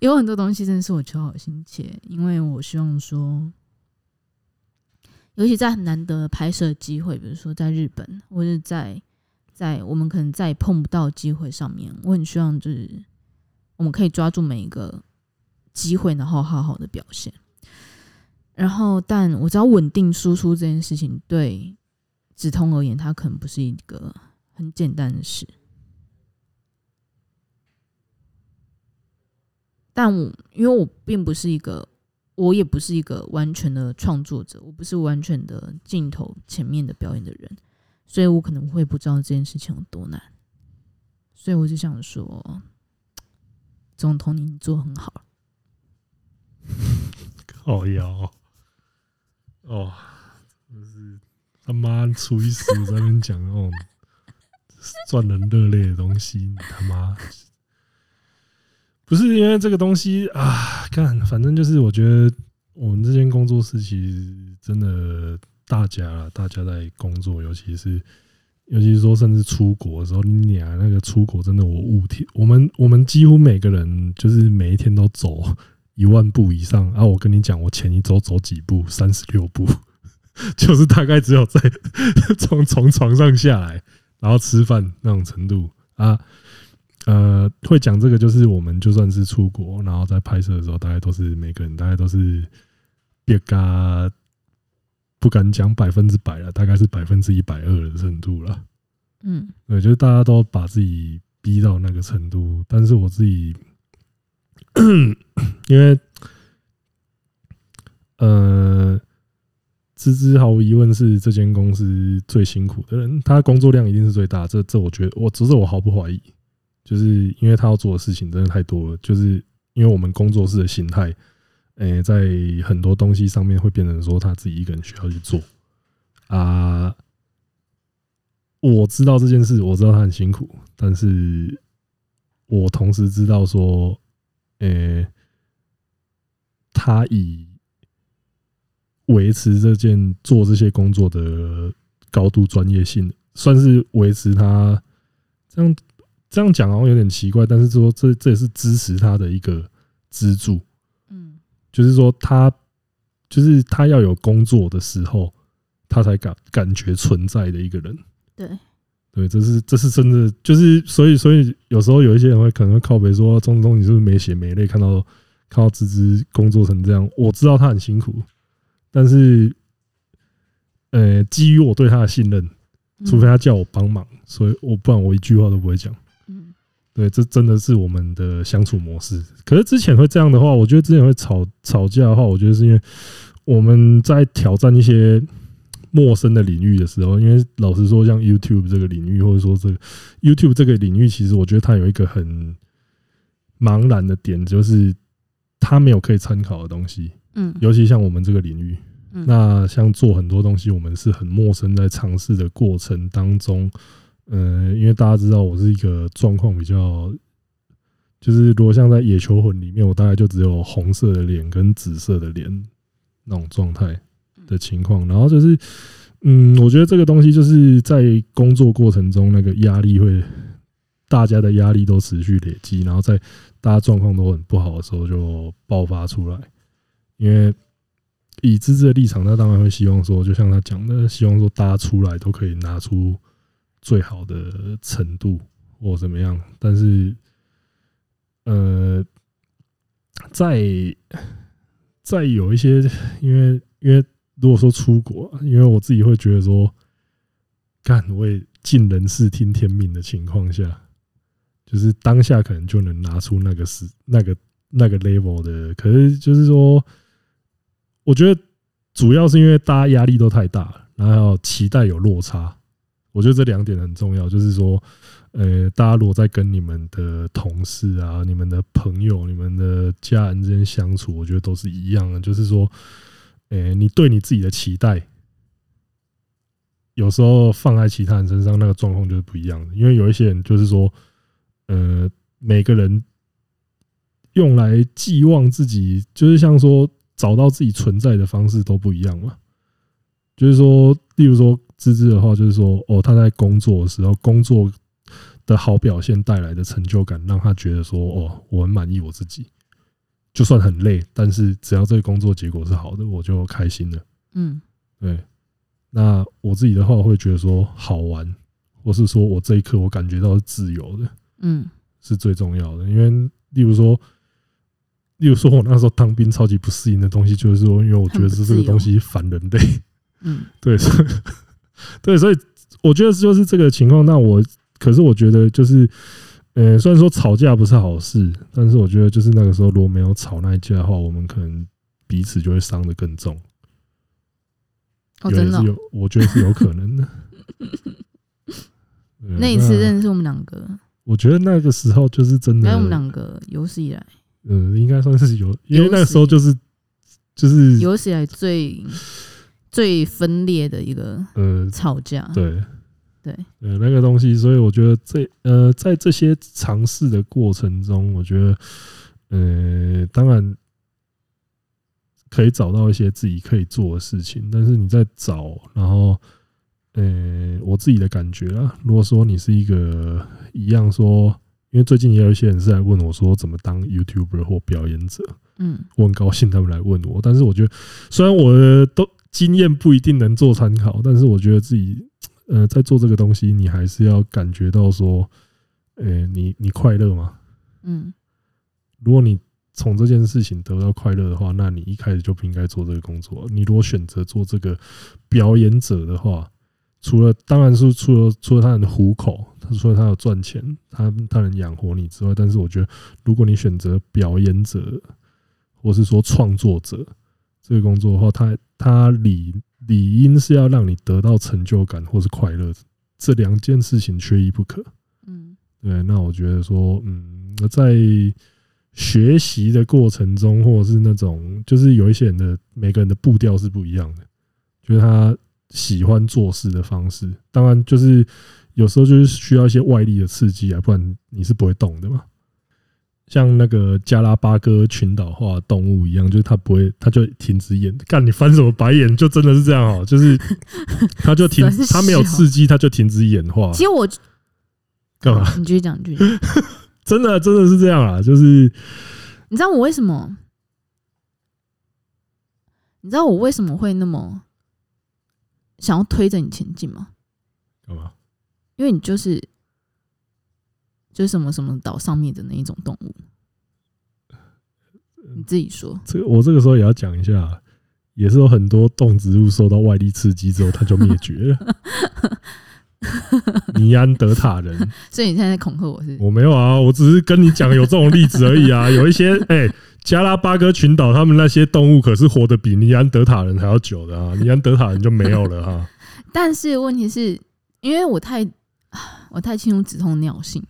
有很多東西真的是我求好心切，因為我希望說，尤其在很難得拍攝機會，比如說在日本，或者在在我們可能再也碰不到機會上面，我很希望就是我們可以抓住每一個機會，然後好好好的表現。然後，但我知道穩定輸出這件事情對指通而言，它可能不是一個很簡單的事。但我因為我並不是一個，我也不是一個完全的創作者，我不是完全的鏡頭前面的表演的人，所以我可能會不知道這件事情有多難。所以我就想說，總統，你做很好，哦。好呀。哦，就是他媽初一十五在那邊講那種賺人熱淚的東西，你他媽不是因為這個東西啊，幹，反正就是我覺得我們這間工作室其實真的大家大家在工作，尤其是尤其是說甚至出國的時候，你倆、啊、那個出國真的我五天，我們我們幾乎每個人就是每一天都走。一萬步以上啊！我跟你講，我前一周走幾步？三十六步， 就是大概只有在從 從床上下來，然後吃飯那種程度啊。呃，會講這個就是，我們就算是出國，然後在拍攝的時候，大概都是每個人大概都是別嘎，不敢講百分之百了，大概是百分之一百二的程度了。嗯，對，就是大家都把自己逼到那個程度，但是我自己。 因為，呃，之之毫無疑問是這間公司最辛苦的人，他工作量一定是最大這。這這，我覺得我，這是我毫不懷疑，就是因為他要做的事情真的太多了。就是因為我們工作室的形態，呃，在很多東西上面會變成說他自己一個人需要去做啊、呃。我知道這件事，我知道他很辛苦，但是我同時知道說。呃、欸，他以維持這件做這些工作的高度專業性，算是維持他這樣這樣講好像有點奇怪，但是說這這也是支持他的一個支柱。嗯，就是說他就是他要有工作的時候，他才感感覺存在的一個人。對。對，這是這是真的，就是所以所以有時候有一些人會可能會靠北說，說通通，你是不是沒血沒淚看到看到之之工作成這樣？我知道他很辛苦，但是呃，基於我對他的信任，除非他叫我幫忙、嗯，所以我不然我一句話都不會講、嗯。對，這真的是我們的相處模式。可是之前會這樣的話，我覺得之前會吵吵架的話，我覺得是因為我們在挑戰一些。陌生的領域的時候，因為老實說，像 YouTube 這個領域，或者說這個 YouTube 這個領域，其實我覺得它有一個很茫然的點，就是它沒有可以參考的東西。嗯，尤其像我們這個領域，嗯、那像做很多東西，我們是很陌生，在嘗試的過程當中，嗯、呃，因為大家知道，我是一個狀況比較，就是如果像在《野球魂》裡面，我大概就只有紅色的臉跟紫色的臉那種狀態。的情況，然後就是，嗯，我覺得這個東西就是在工作過程中那個壓力會，大家的壓力都持續累積，然後在大家狀況都很不好的時候就爆發出來。因為以之之的立場，他當然會希望說，就像他講的，希望說大家出來都可以拿出最好的程度或怎麼樣。但是，呃，在在有一些因為因為。如果說出國啊，因為我自己會覺得說，干我也盡人事聽天命的情況下，就是當下可能就能拿出那個是那個那個 level 的。可是就是說，我覺得主要是因為大家壓力都太大，然後期待有落差。我覺得這兩點很重要，就是說，呃，大家如果在跟你們的同事啊、你們的朋友、你們的家人之間相處，我覺得都是一樣的，就是說。呃、欸，你對你自己的期待，有時候放在其他人身上，那個狀況就是不一樣的。因為有一些人就是說，呃，每個人用來寄望自己，就是像說找到自己存在的方式都不一樣嘛。就是說，例如說芝芝的話，就是說，哦，他在工作的時候，工作的好表現帶來的成就感，讓他覺得說，哦，我很滿意我自己。就算很累，但是只要這個工作結果是好的，我就開心了。嗯，對。那我自己的話會覺得說好玩，或是說我這一刻我感覺到是自由的，嗯，是最重要的。因為例如說，例如說我那時候當兵超級不適應的東西，就是說，因為我覺得是這個東西煩人的。嗯，對， 對，所以我覺得就是這個情況。那我可是我覺得就是。呃、欸，雖然說吵架不是好事，但是我覺得就是那個時候如果沒有吵那一架的話，我們可能彼此就會傷得更重。哦、喔，真的有、喔，我覺得是有可能的。 那一次認識我們兩個，我覺得那個時候就是真的，我們兩個有史以來，嗯、呃，應該算是有，因為那個時候就是就是有史以來最、就是、以來最，最分裂的一個呃吵架，呃、對。對，那個東西，所以我覺得這，呃，在這些嘗試的過程中，我覺得，呃，當然可以找到一些自己可以做的事情，但是你在找，然後，呃，我自己的感覺啊，如果說你是一個一樣說，因為最近也有一些人是在問我，說怎麼當 YouTuber 或表演者？嗯，我很高興他們來問我，但是我覺得雖然我的都經驗不一定能做參考，但是我覺得自己。嗯、呃，在做這個東西，你還是要感覺到說，呃、欸，你你快樂嗎？嗯，如果你從這件事情得到快樂的話，那你一開始就不應該做這個工作。你如果選擇做這個表演者的話，除了當然是除了除了他很糊口，他除了他要賺錢，他他能養活你之外，但是我覺得，如果你選擇表演者，或是說創作者這個工作的話，他他里。理應是要讓你得到成就感或是快樂，這兩件事情缺一不可。嗯，對。那我覺得說，嗯，那在學習的過程中，或者是那種，就是有一些人的每個人的步調是不一樣的，就是他喜歡做事的方式。當然，就是有時候就是需要一些外力的刺激啊，不然你是不會動的嘛。像那個加拉巴哥群島化動物一樣，就是它不會，它就停止演。看，你翻什麼白眼，就真的是這樣哦、喔，就是它就停，它 沒有刺激，它就停止演化。其實我幹嘛？你繼續講，繼續講。 真的，真的是這樣啊！就是你知道我為什麼？你知道我為什麼會那麼想要推着你前進嗎？幹嘛？因為你就是。就是什麼什麼島上面的那一種動物，你自己說、嗯。這個、我這個時候也要講一下，也是有很多動植物受到外力刺激之後，它就滅絕了。 尼安德塔人，所以你現在,在恐嚇我是？我沒有啊，我只是跟你講有這種例子而已啊。有一些，哎、欸，加拉巴哥群島他們那些動物可是活得比尼安德塔人還要久的啊，尼安德塔人就沒有了啊。 但是問題是因為我太我太清楚指通的尿性。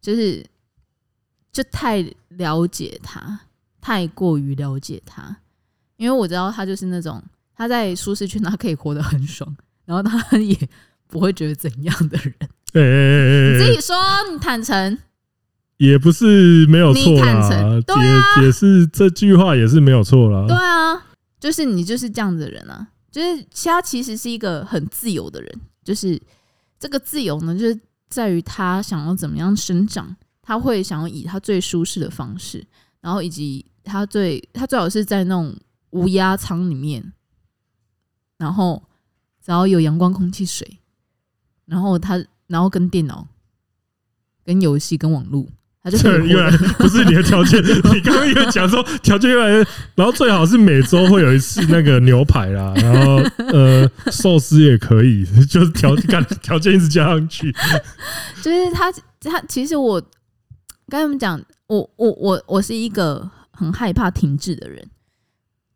就是，就太了解他，太過於了解他，因為我知道他就是那種他在舒適圈他可以活得很爽，然後他也不會覺得怎樣的人。欸欸欸欸欸欸你自己說，你坦誠，也不是沒有錯啊。你坦誠，啊、解解釋這句話也是沒有錯啦。對啊，就是你就是這樣的人啊。就是其他其實是一個很自由的人，就是這個自由呢，就是。在於他想要怎麼樣生長，他會想要以他最舒適的方式，然後以及他最他最好是在那種無壓艙裡面，然後只要有陽光、空氣、水，然後他然後跟電腦、跟遊戲、跟網絡。越來不是你的條件， 你剛剛又講說條件越來越，然後最好是每周會有一次那個牛排啦，然後呃壽司也可以，就是條件條件一直加上去 。就是他他其實我跟你們講，我我我我是一個很害怕停滯的人，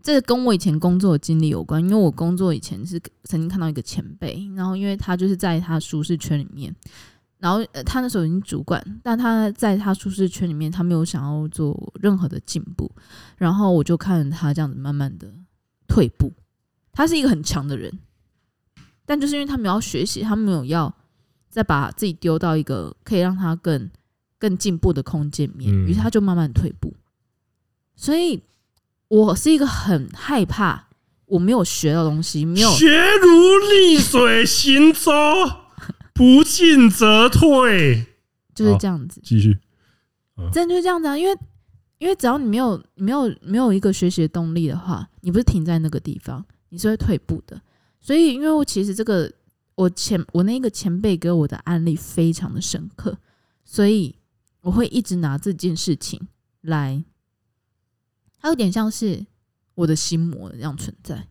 這個跟我以前工作經歷有關，因為我工作以前是曾經看到一個前輩，然後因為他就是在他舒適圈裡面。然後他那時候已經主管，但他在他舒適圈裡面，他沒有想要做任何的進步。然後我就看他這樣子慢慢的退步。他是一個很強的人，但就是因為他們沒有要學習，他們沒有要再把自己丟到一個可以讓他更更進步的空間裡面，嗯，於是他就慢慢退步。所以我是一個很害怕我沒有學到的東西，沒有學，如逆水行舟，不進則退，就是這樣子。繼續，真的就是這樣子啊！因為，因為只要你沒有、沒有、沒有一個學習的動力的話，你不是停在那個地方，你是會退步的。所以，因為我其實這個，我前我那個前輩給我的案例非常的深刻，所以我會一直拿這件事情來，它有點像是我的心魔一樣存在。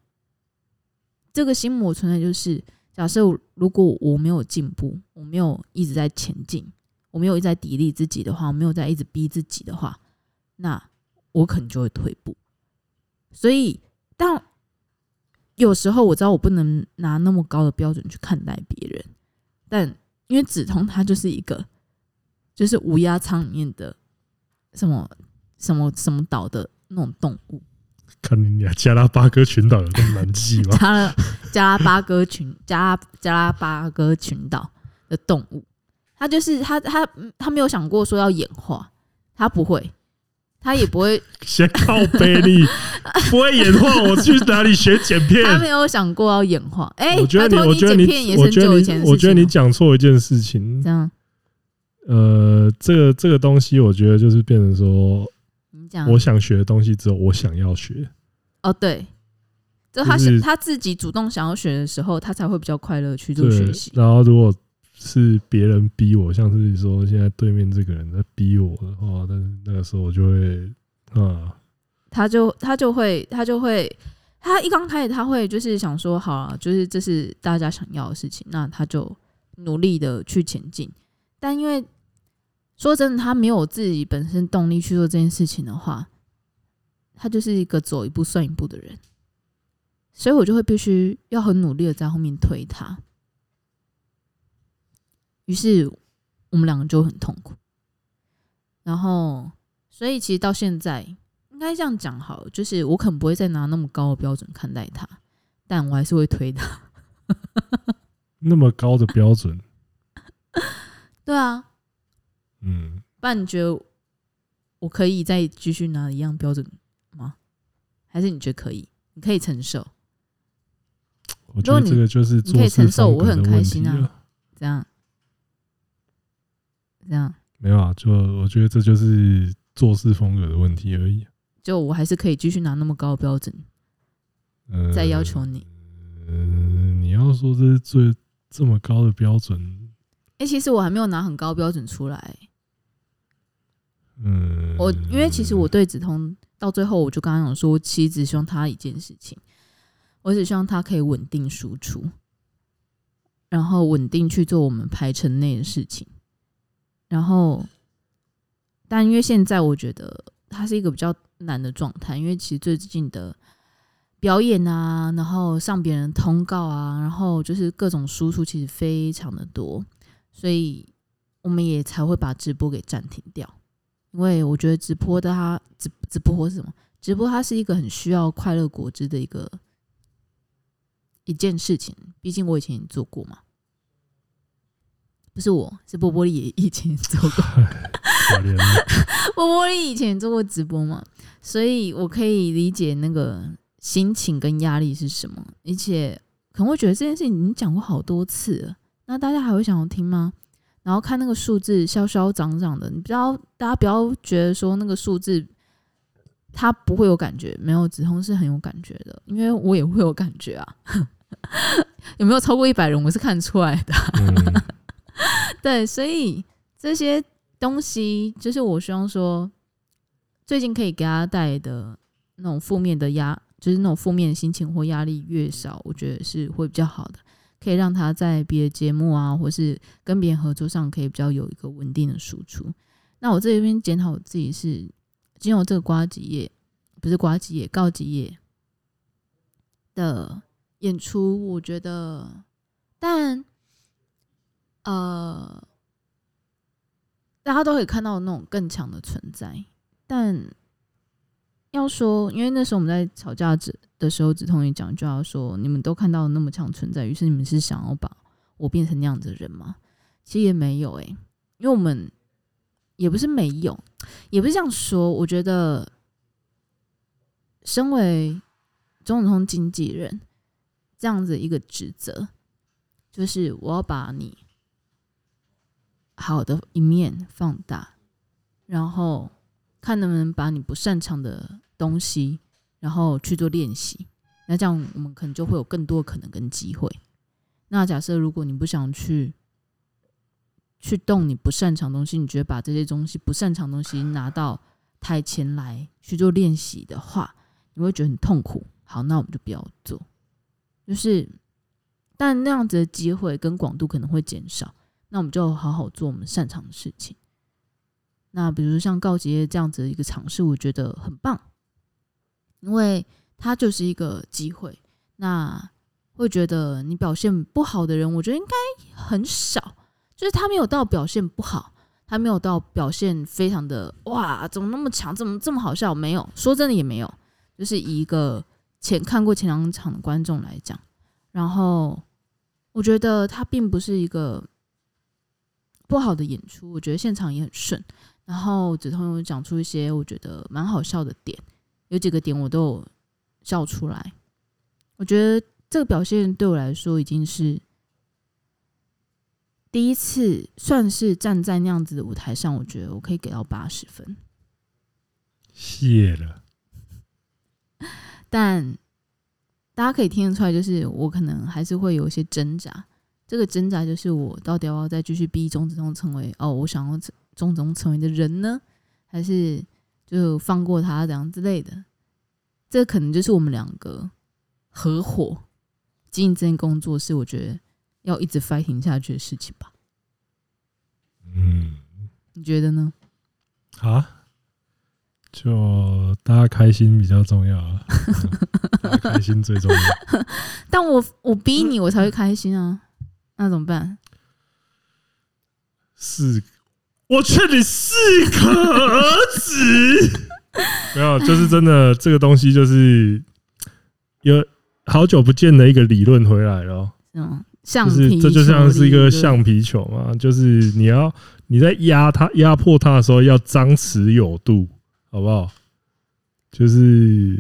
這個心魔存在就是。假設如果我沒有進步，我沒有一直在前進，我沒有一直在砥礪自己的話，我沒有在一直逼自己的話，那我可能就會退步。所以，但有時候我知道我不能拿那麼高的標準去看待別人，但因為指通它就是一個，就是烏鴉倉裡面的什麼什麼什麼島的那種動物。看你、啊，你加拉巴哥群島有這麼難記嗎？加拉加拉巴哥群加拉加拉巴哥群島的動物，他就是他他他沒有想過說要演化，他不會，他也不會 先靠背你， 不會演化。我去哪裡學剪片？他沒有想過要演化。哎、欸，我覺得你，你也是我覺得你，我覺得你，我覺得你講錯一件事情。這樣，呃，這個這個東西，我覺得就是變成說。我想學的東西，只有我想要學。哦，對，就他想、就是、他自己主動想要學的時候，他才會比較快樂去做學習。然後，如果是別人逼我，像是說現在對面這個人在逼我的話，但是那個時候我就會啊、嗯，他就他就會他就會，他就會，他一剛開始他會就是想說，好，就是這是大家想要的事情，那他就努力的去前進。但因為。說真的，他沒有自己本身動力去做這件事情的話，他就是一個走一步算一步的人。所以我就會必須要很努力的在後面推他。於是我們兩個就很痛苦。然後，所以其實到現在應該這樣講好了，就是我可能不會再拿那麼高的標準看待他，但我還是會推他。那麼高的標準 ？ 對啊。嗯，那你覺得我可以再繼續拿一樣標準嗎？還是你覺得可以？你可以承受？我覺得這個就是你，你可以承受，我會很開心啊。這樣，這樣沒有啊？就我覺得這就是做事風格的問題而已，啊。就我還是可以繼續拿那麼高標準，再要求你。嗯、呃呃，你要說這是最這麼高的標準？哎、欸，其實我還沒有拿很高標準出來，欸。嗯，我因為其實我對指通到最後，我就剛剛講說，其實只希望他一件事情，我只希望他可以穩定輸出，然後穩定去做我們排程內的事情，然後，但因為現在我覺得他是一個比較難的狀態，因為其實最近的表演啊，然後上別人通告啊，然後就是各種輸出其實非常的多，所以我們也才會把直播給暫停掉。因為我覺得直播的它，直直播是什麼？直播它是一個很需要快樂果汁的一個一件事情。畢竟我以前也做過嘛，不是我，是波波利也以前也做過。波波利以前也做過直播嘛，所以我可以理解那個心情跟壓力是什麼。而且，可能我覺得這件事情已經講過好多次了，那大家還會想要聽嗎？然後看那個數字消消漲漲的，你不要，大家不要覺得說那個數字它不會有感覺，沒有止痛是很有感覺的，因為我也會有感覺啊。 有沒有超過一百人，我是看出來的、啊。嗯、 對，所以這些東西就是我希望說，最近可以給大家帶的那種負面的壓，就是那種負面的心情或壓力越少，我覺得是會比較好的。可以讓他在別的節目啊，或是跟別人合作上，可以比較有一個穩定的輸出。那我這邊檢討我自己是進入這個瓜幾頁，不是瓜幾頁，告幾頁。的演出，我覺得，但呃，大家都可以看到那種更強的存在。但要說，因為那時候我們在吵架子。的時候，指通也講，就要說你們都看到那麼強存在，於是你們是想要把我變成那樣子的人嗎？其實也沒有誒、欸，因為我們也不是沒有，也不是這樣說。我覺得，身為中指通經紀人，這樣子一個職責，就是我要把你好的一面放大，然後看能不能把你不擅長的東西。然後去做練習，那這樣我們可能就會有更多可能跟機會。那假設如果你不想去去動你不擅長的東西，你覺得把這些東西不擅長的東西拿到台前來去做練習的話，你會覺得很痛苦。好，那我們就不要做。就是，但那樣子的機會跟廣度可能會減少。那我們就好好做我們擅長的事情。那比如像告解這樣子的一個嘗試，我覺得很棒。因為他就是一個機會，那會覺得你表現不好的人，我覺得應該很少。就是他沒有到表現不好，他沒有到表現非常的哇，怎麼那麼強？怎麼這麼好笑？沒有，說真的也沒有。就是以一個前看過前兩場的觀眾來講，然後我覺得他並不是一個不好的演出，我覺得現場也很順，然後子彤有講出一些我覺得蠻好笑的點。有幾個點我都有笑出來，我覺得這個表現對我來說已經是第一次，算是站在那樣子的舞台上，我覺得我可以給到八十分，謝了。但大家可以聽得出來，就是我可能還是會有一些掙扎。這個掙扎就是我到底要不要再繼續逼中指通成為哦，我想要中指通成為的人呢，還是？就放過他，這樣之類的，這可能就是我們兩個合夥經營這間工作室，我覺得要一直 fighting 下去的事情吧。嗯，你覺得呢、嗯？啊，就大家開心比較重要啊，嗯、 大家開心最重要。 但我我逼你，我才會開心啊，那怎麼辦？是。我勸你適可而止。沒有，就是真的，這個東西就是有好久不見的一個理論回來了。嗯，橡皮，這就像是一個橡皮球嘛，就是你要你在壓它、壓迫它的時候要張弛有度，好不好？就是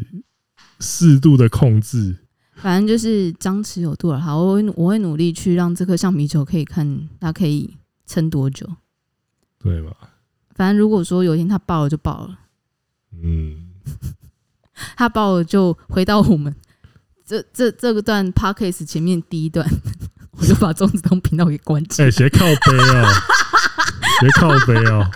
適度的控制。反正就是張弛有度了。好，我我會努力去讓這顆橡皮球可以看，它可以撐多久。對吧、嗯？反正如果說有一天他爆了，就爆了。嗯，他爆了就回到我們這這這段 Podcast 前面第一段，我就把中指通頻道給關起來、欸。哎、哦，誰靠北啊，誰靠北啊！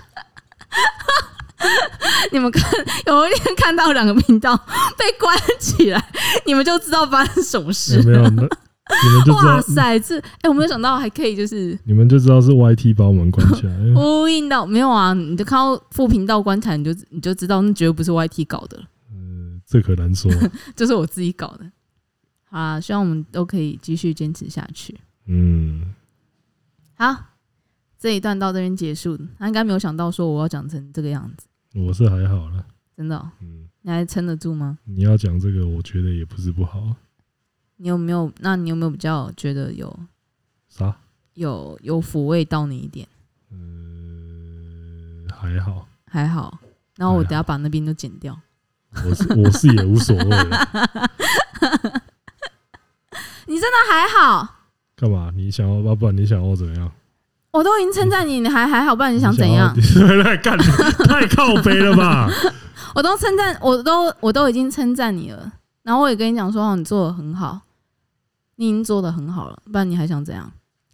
你們看，有一天看到兩個頻道被關起來，你們就知道發生什麼事了、欸。沒有。沒有你們就知道哇塞，這哎、欸、我沒有想到還可以就是 你們就知道是 YT 把我們關起來，應 到，沒有啊？你就看到副頻道關台，你就你就知道那絕對不是 YT 搞的。嗯，這可難說，這 是我自己搞的。好，希望我們都可以繼續堅持下去。嗯，好，這一段到這邊結束，他應該沒有想到說我要講成這個樣子。我是還好了，真的、喔，嗯，你還撐得住嗎？你要講這個，我覺得也不是不好。你有沒有？那你有沒有比較覺得有啥？有有撫慰到你一點？嗯，還好，還好。還好，然後我等下把那邊都剪掉。我是我是也無所謂。 你真的還好？幹嘛？你想要？要不然你想要我怎樣？我都已經稱讚你，你還還好？不然你想怎樣？太幹 太靠北了吧？ 我都稱讚，我都我都已經稱讚你了。然後我也跟你講說，你做的很好。你已經做得很好了，不然你還想怎樣？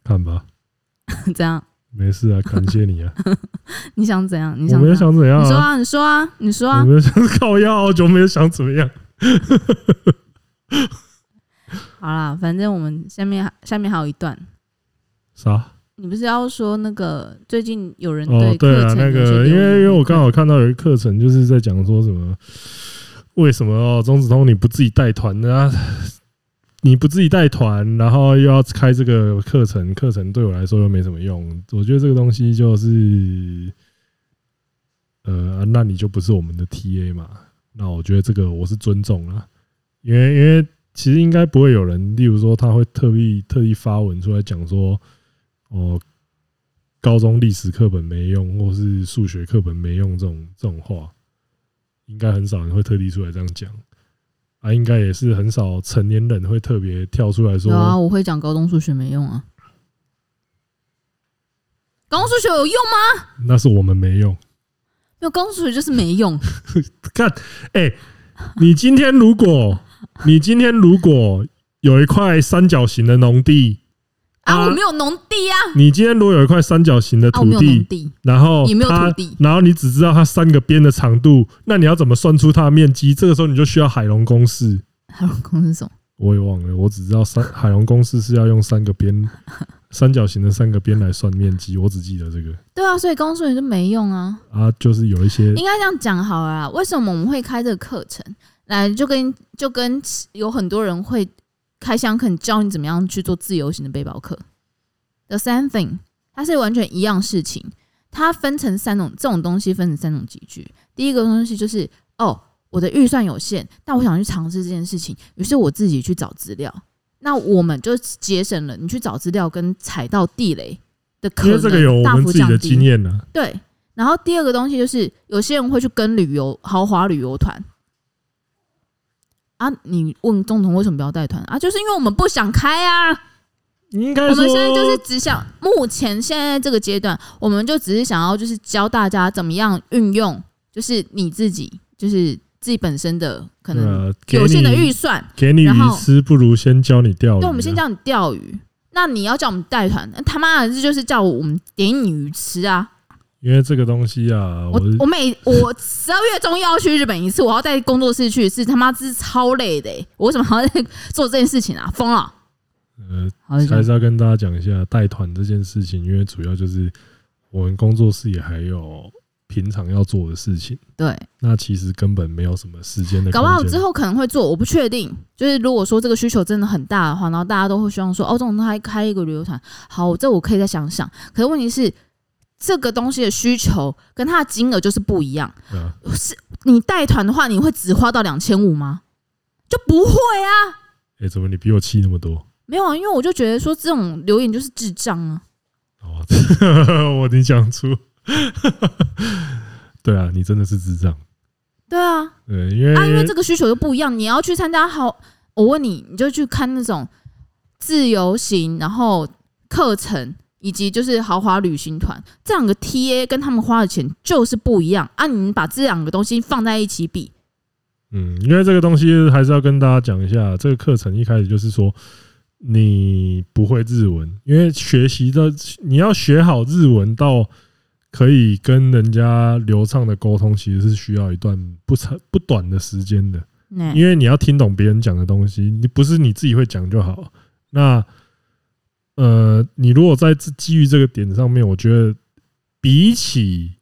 看吧， 怎樣？沒事啊，感謝你啊 你想怎樣？你想怎樣？我想怎樣、啊？你說啊，你說啊，你說啊。我們想靠腰？沒有想，就沒想怎麼樣 ？ 好啦，反正我們下面下面還有一段。啥？你不是要說那個最近有人？哦，對啊，那個，因為因為我剛好看到有一個課程，就是在講說什麼為什麼哦、中指通你不自己帶團的啊？ 你不自己帶團，然後又要開這個課程，課程對我來說又沒什麼用。我覺得這個東西就是，呃，那你就不是我們的 TA 嘛。那我覺得這個我是尊重啦，因為因為其實應該不會有人，例如說他會特意特意發文出來講說，哦、呃，高中歷史課本沒用，或是數學課本沒用這種這種話，應該很少人會特地出來這樣講。啊，應該也是很少成年人會特別跳出來說。啊，我會講高中數學沒用啊。高中數學有用嗎？那是我們沒用沒。那高中數學就是沒用 看，哎、欸，你今天如果 你今天如果有一塊三角形的農地。啊，啊，我沒有農地呀、啊！你今天如果有一塊三角形的土地，啊、地然後也沒有土地，然後你只知道它三個邊的長度，那你要怎麼算出它的面積？這個時候你就需要海龍公式。海龍公式是什麼？我也忘了，我只知道三海龍公式是要用三個邊 三角形的三個邊來算面積，我只記得這個。對啊，所以公式你就沒用啊。啊，就是有一些應該這樣講好了。為什麼我們會開這個課程？來，就跟就跟有很多人會。開箱課教你怎麼樣去做自由行的背包客。The same thing，它是完全一樣事情。它分成三種，這種東西分成三種結局。第一個東西就是，哦，我的預算有限，但我想去嘗試這件事情，於是我自己去找資料。那我們就節省了你去找資料跟踩到地雷的可能大幅降低。因為這個有我們自己的經驗呢。對。然後第二個東西就是，有些人會去跟旅遊豪華旅游團。啊！你問總統為什麼不要帶團啊？就是因為我們不想開啊！你應該我們現在就是只想目前現在這個階段，我們就只是想要就是教大家怎麼樣運用，就是你自己就是自己本身的可能有限的預算，呃，給，給你魚吃不如先教你釣魚。對，我們先教你釣魚。那你要叫我們帶團，啊，他媽的這就是叫我們給你魚吃啊！因為這個東西啊，我我，我我每我十二月中又要去日本一次，我要在工作室去，是他媽真是超累的，欸、我為什麼還要在做這件事情啊？瘋了！呃，還是要跟大家講一下帶團這件事情，因為主要就是我們工作室也還有平常要做的事情。對，那其實根本沒有什麼時間的。搞不好之後可能會做，我不確定。就是如果說這個需求真的很大的話，然後大家都會希望說，哦，這種東西還開一個旅游團，好，這我可以再想想。可是問題是。這個東西的需求跟它的金額就是不一樣。是，你帶團的話，你會只花到兩千五嗎？就不會啊。哎，怎麼你比我氣那麼多？沒有啊，因為我就覺得說這種留言就是智障啊。我你講出，對啊，你真的是智障。對啊。對，因為因為這個需求就不一樣。你要去參加好，我問你，你就去看那種自由行，然後課程。以及就是豪華旅行團，這兩個 TA 跟他們花的錢就是不一樣啊！你們把這兩個東西放在一起比，嗯，因為這個東西還是要跟大家講一下。這個課程一開始就是說你不會日文，因為學習的你要學好日文到可以跟人家流暢的溝通，其實是需要一段不長不短的時間的。因為你要聽懂別人講的東西，你不是你自己會講就好那，呃，你如果在基於這個點上面，我覺得比起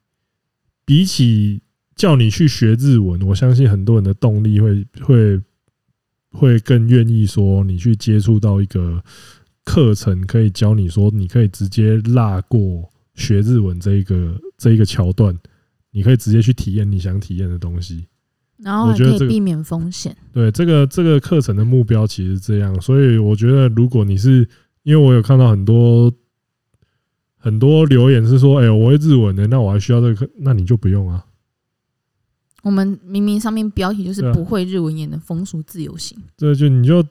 比起叫你去學日文，我相信很多人的動力會會會更願意說，你去接觸到一個課程，可以教你說，你可以直接拉過學日文這一個這一個橋段，你可以直接去體驗你想體驗的東西。然後還可以避免風險，這個。對，這個這個課程的目標其實是這樣，所以我覺得如果你是。因為我有看到很多很多留言是說：“哎、欸，我會日文的、欸，那我還需要這個？那你就不用啊。”我們明明上面標題就是、啊“不會日文也能風俗自由行”，對，就你就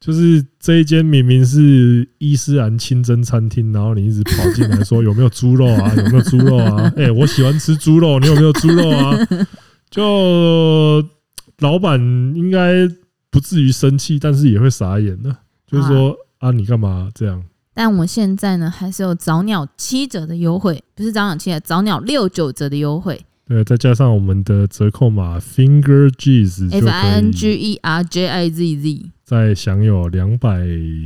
就是這一間明明是伊斯蘭清真餐廳，然後你一直跑進來說：“有沒有豬肉啊？ 有沒有豬肉啊？哎、欸，我喜歡吃豬肉，你有沒有豬肉啊？”就老板應該不至於生氣，但是也會傻眼的、啊，就是說。啊，你幹嘛這樣？但我們現在呢，還是有早鳥七折的優惠，不是早鳥七折，早鳥六九折的優惠。對，再加上我們的折扣碼 fingerjizz，f i n g e r j i z z，再享有兩百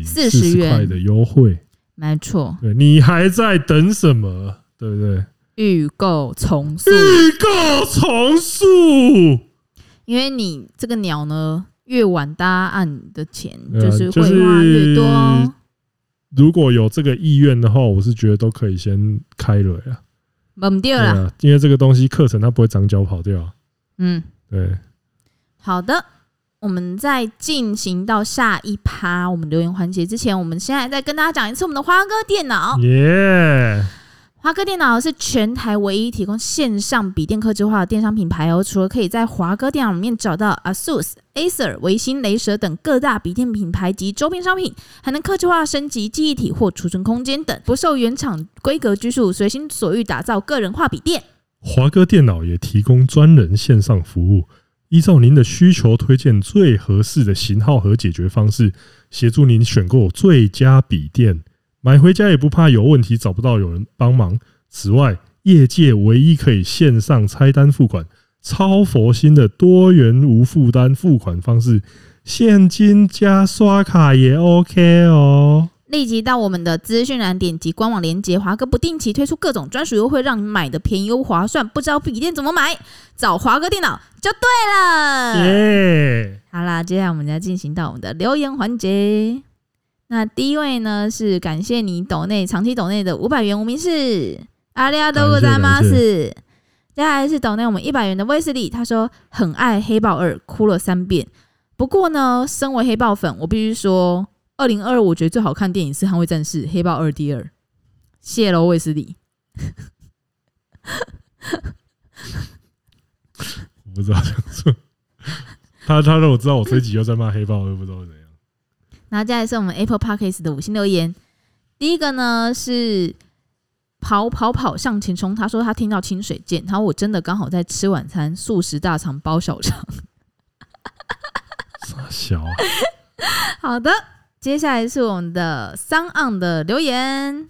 四十元的優惠。沒錯，你還在等什麼？對不對？預購從速，預購從速，因為你這個鳥呢。越晚搭案的錢就是會花越多，哦嗯。就是，如果有這個意願的話，我是覺得都可以先開了啊，蒙掉了，因為這個東西課程它不會長腳跑掉，啊。嗯，對。好的，我們在進行到下一趴我們留言環節之前，我們先來再跟大家講一次我們的驊哥電腦，yeah。驊哥電腦是全台唯一提供線上筆電客製化的電商品牌哦、喔。除了可以在驊哥電腦裡面找到 ASUS、Acer、微星、雷蛇等各大筆電品牌及周邊商品，還能客製化升級記憶體或儲存空間等，不受原廠規格拘束，隨心所欲打造個人化筆電。驊哥電腦也提供專人線上服務，依照您的需求推薦最合適的型號和解決方式，協助您選購最佳筆電。買回家也不怕有問題，找不到有人幫忙。此外，業界唯一可以線上拆單付款、超佛心的多元無負擔付款方式，現金加刷卡也 OK 哦、喔。立即到我們的資訊欄點擊官網鏈接，驊哥不定期推出各種專屬優惠，讓你買的便宜又划算。不知道筆電怎麼買，找驊哥電腦就對了、yeah。好啦，接下來我們要進行到我們的留言環節。那第一位呢，是感謝你抖內長期抖內的五百元無名氏阿里亞多古達馬斯，接下來是抖內我們一百元的威斯利，他說很愛黑豹二，哭了三遍。不過呢，身為黑豹粉，我必須說，二零二二我覺得最好看電影是《捍衛戰士》，黑豹二第二。謝嘍，威斯利。 他他知不知道這樣做，他他讓我知道我這集又在罵黑豹，我也不知道誰。那接下來是我們 Apple Podcast 的五星留言，第一個呢是跑跑跑向前衝，他說他聽到清水見，他說我真的剛好在吃晚餐，素食大腸包小腸。傻、啊、笑。好的，接下來是我們的 SoundOn 的留言，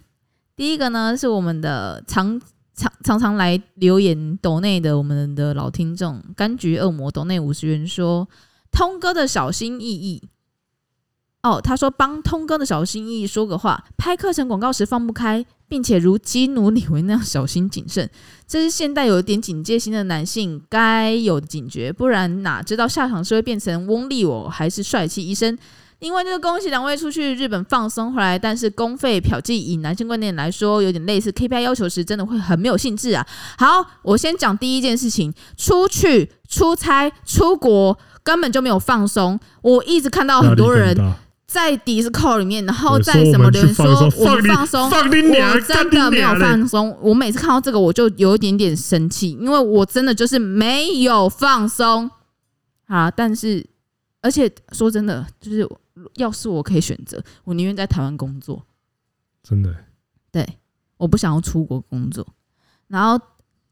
第一個呢是我們的常常常常來留言抖內的我們的老聽眾柑橘惡魔抖內五十元說通哥的小心翼翼。哦，他說幫通哥的小心翼翼說個話，拍課程廣告時放不開，並且如基努李維那樣小心謹慎，這是現代有一點警戒心的男性該有的警覺，不然哪知道下場是會變成翁立我，還是帥氣醫生？因為這個恭喜兩位出去日本放鬆回來，但是公費嫖妓以男性觀念來說，有點類似 KPI 要求時，真的會很沒有興致啊。好，我先講第一件事情，出去出差出國根本就沒有放鬆，我一直看到很多人。在 Discord 裡面，然後在什麼人說我放鬆，我真的沒有放鬆。我每次看到這個，我就有一點點生氣，因為我真的就是沒有放鬆。好，但是，而且說真的，就是要是我可以選擇，我寧願在台灣工作，真的，欸。對，我不想要出國工作，然後。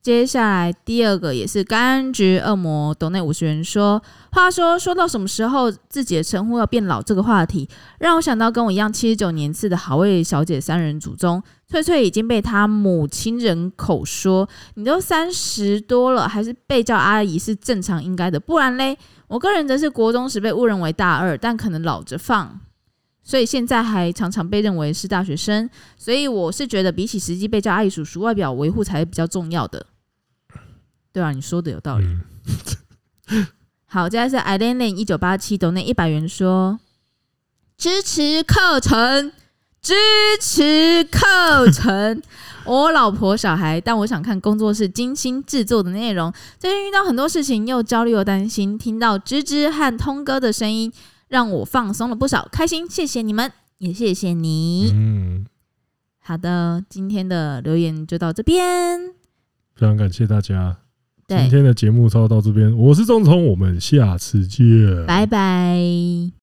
接下來第二個也是柑橘惡魔抖內五十元說，話說，說到什麼時候自己的稱呼要變老這個話題，讓我想到跟我一樣七十九年次的好味小姐三人組中翠翠已經被她母親人口說，你都三十多了還是被叫阿姨是正常應該的，不然嘞？我個人則是國中時被誤認為大二，但可能老着放，所以現在還常常被認為是大學生，所以我是覺得比起實際被叫阿姨叔叔，外表維護才是比較重要的。對啊，你說的有道理。嗯、 好，接下來是艾蓮蓮一九八七，抖內一百元說支持課程，支持課程。 我老婆小孩，但我想看工作室精心製作的內容。最近遇到很多事情，又焦慮又擔心，聽到芝芝和通哥的聲音，讓我放鬆了不少，開心。謝謝你們，也謝謝你。嗯，好的，今天的留言就到這邊，非常感謝大家。今天的節目就到這邊，我是中指通，我們下次見，拜拜。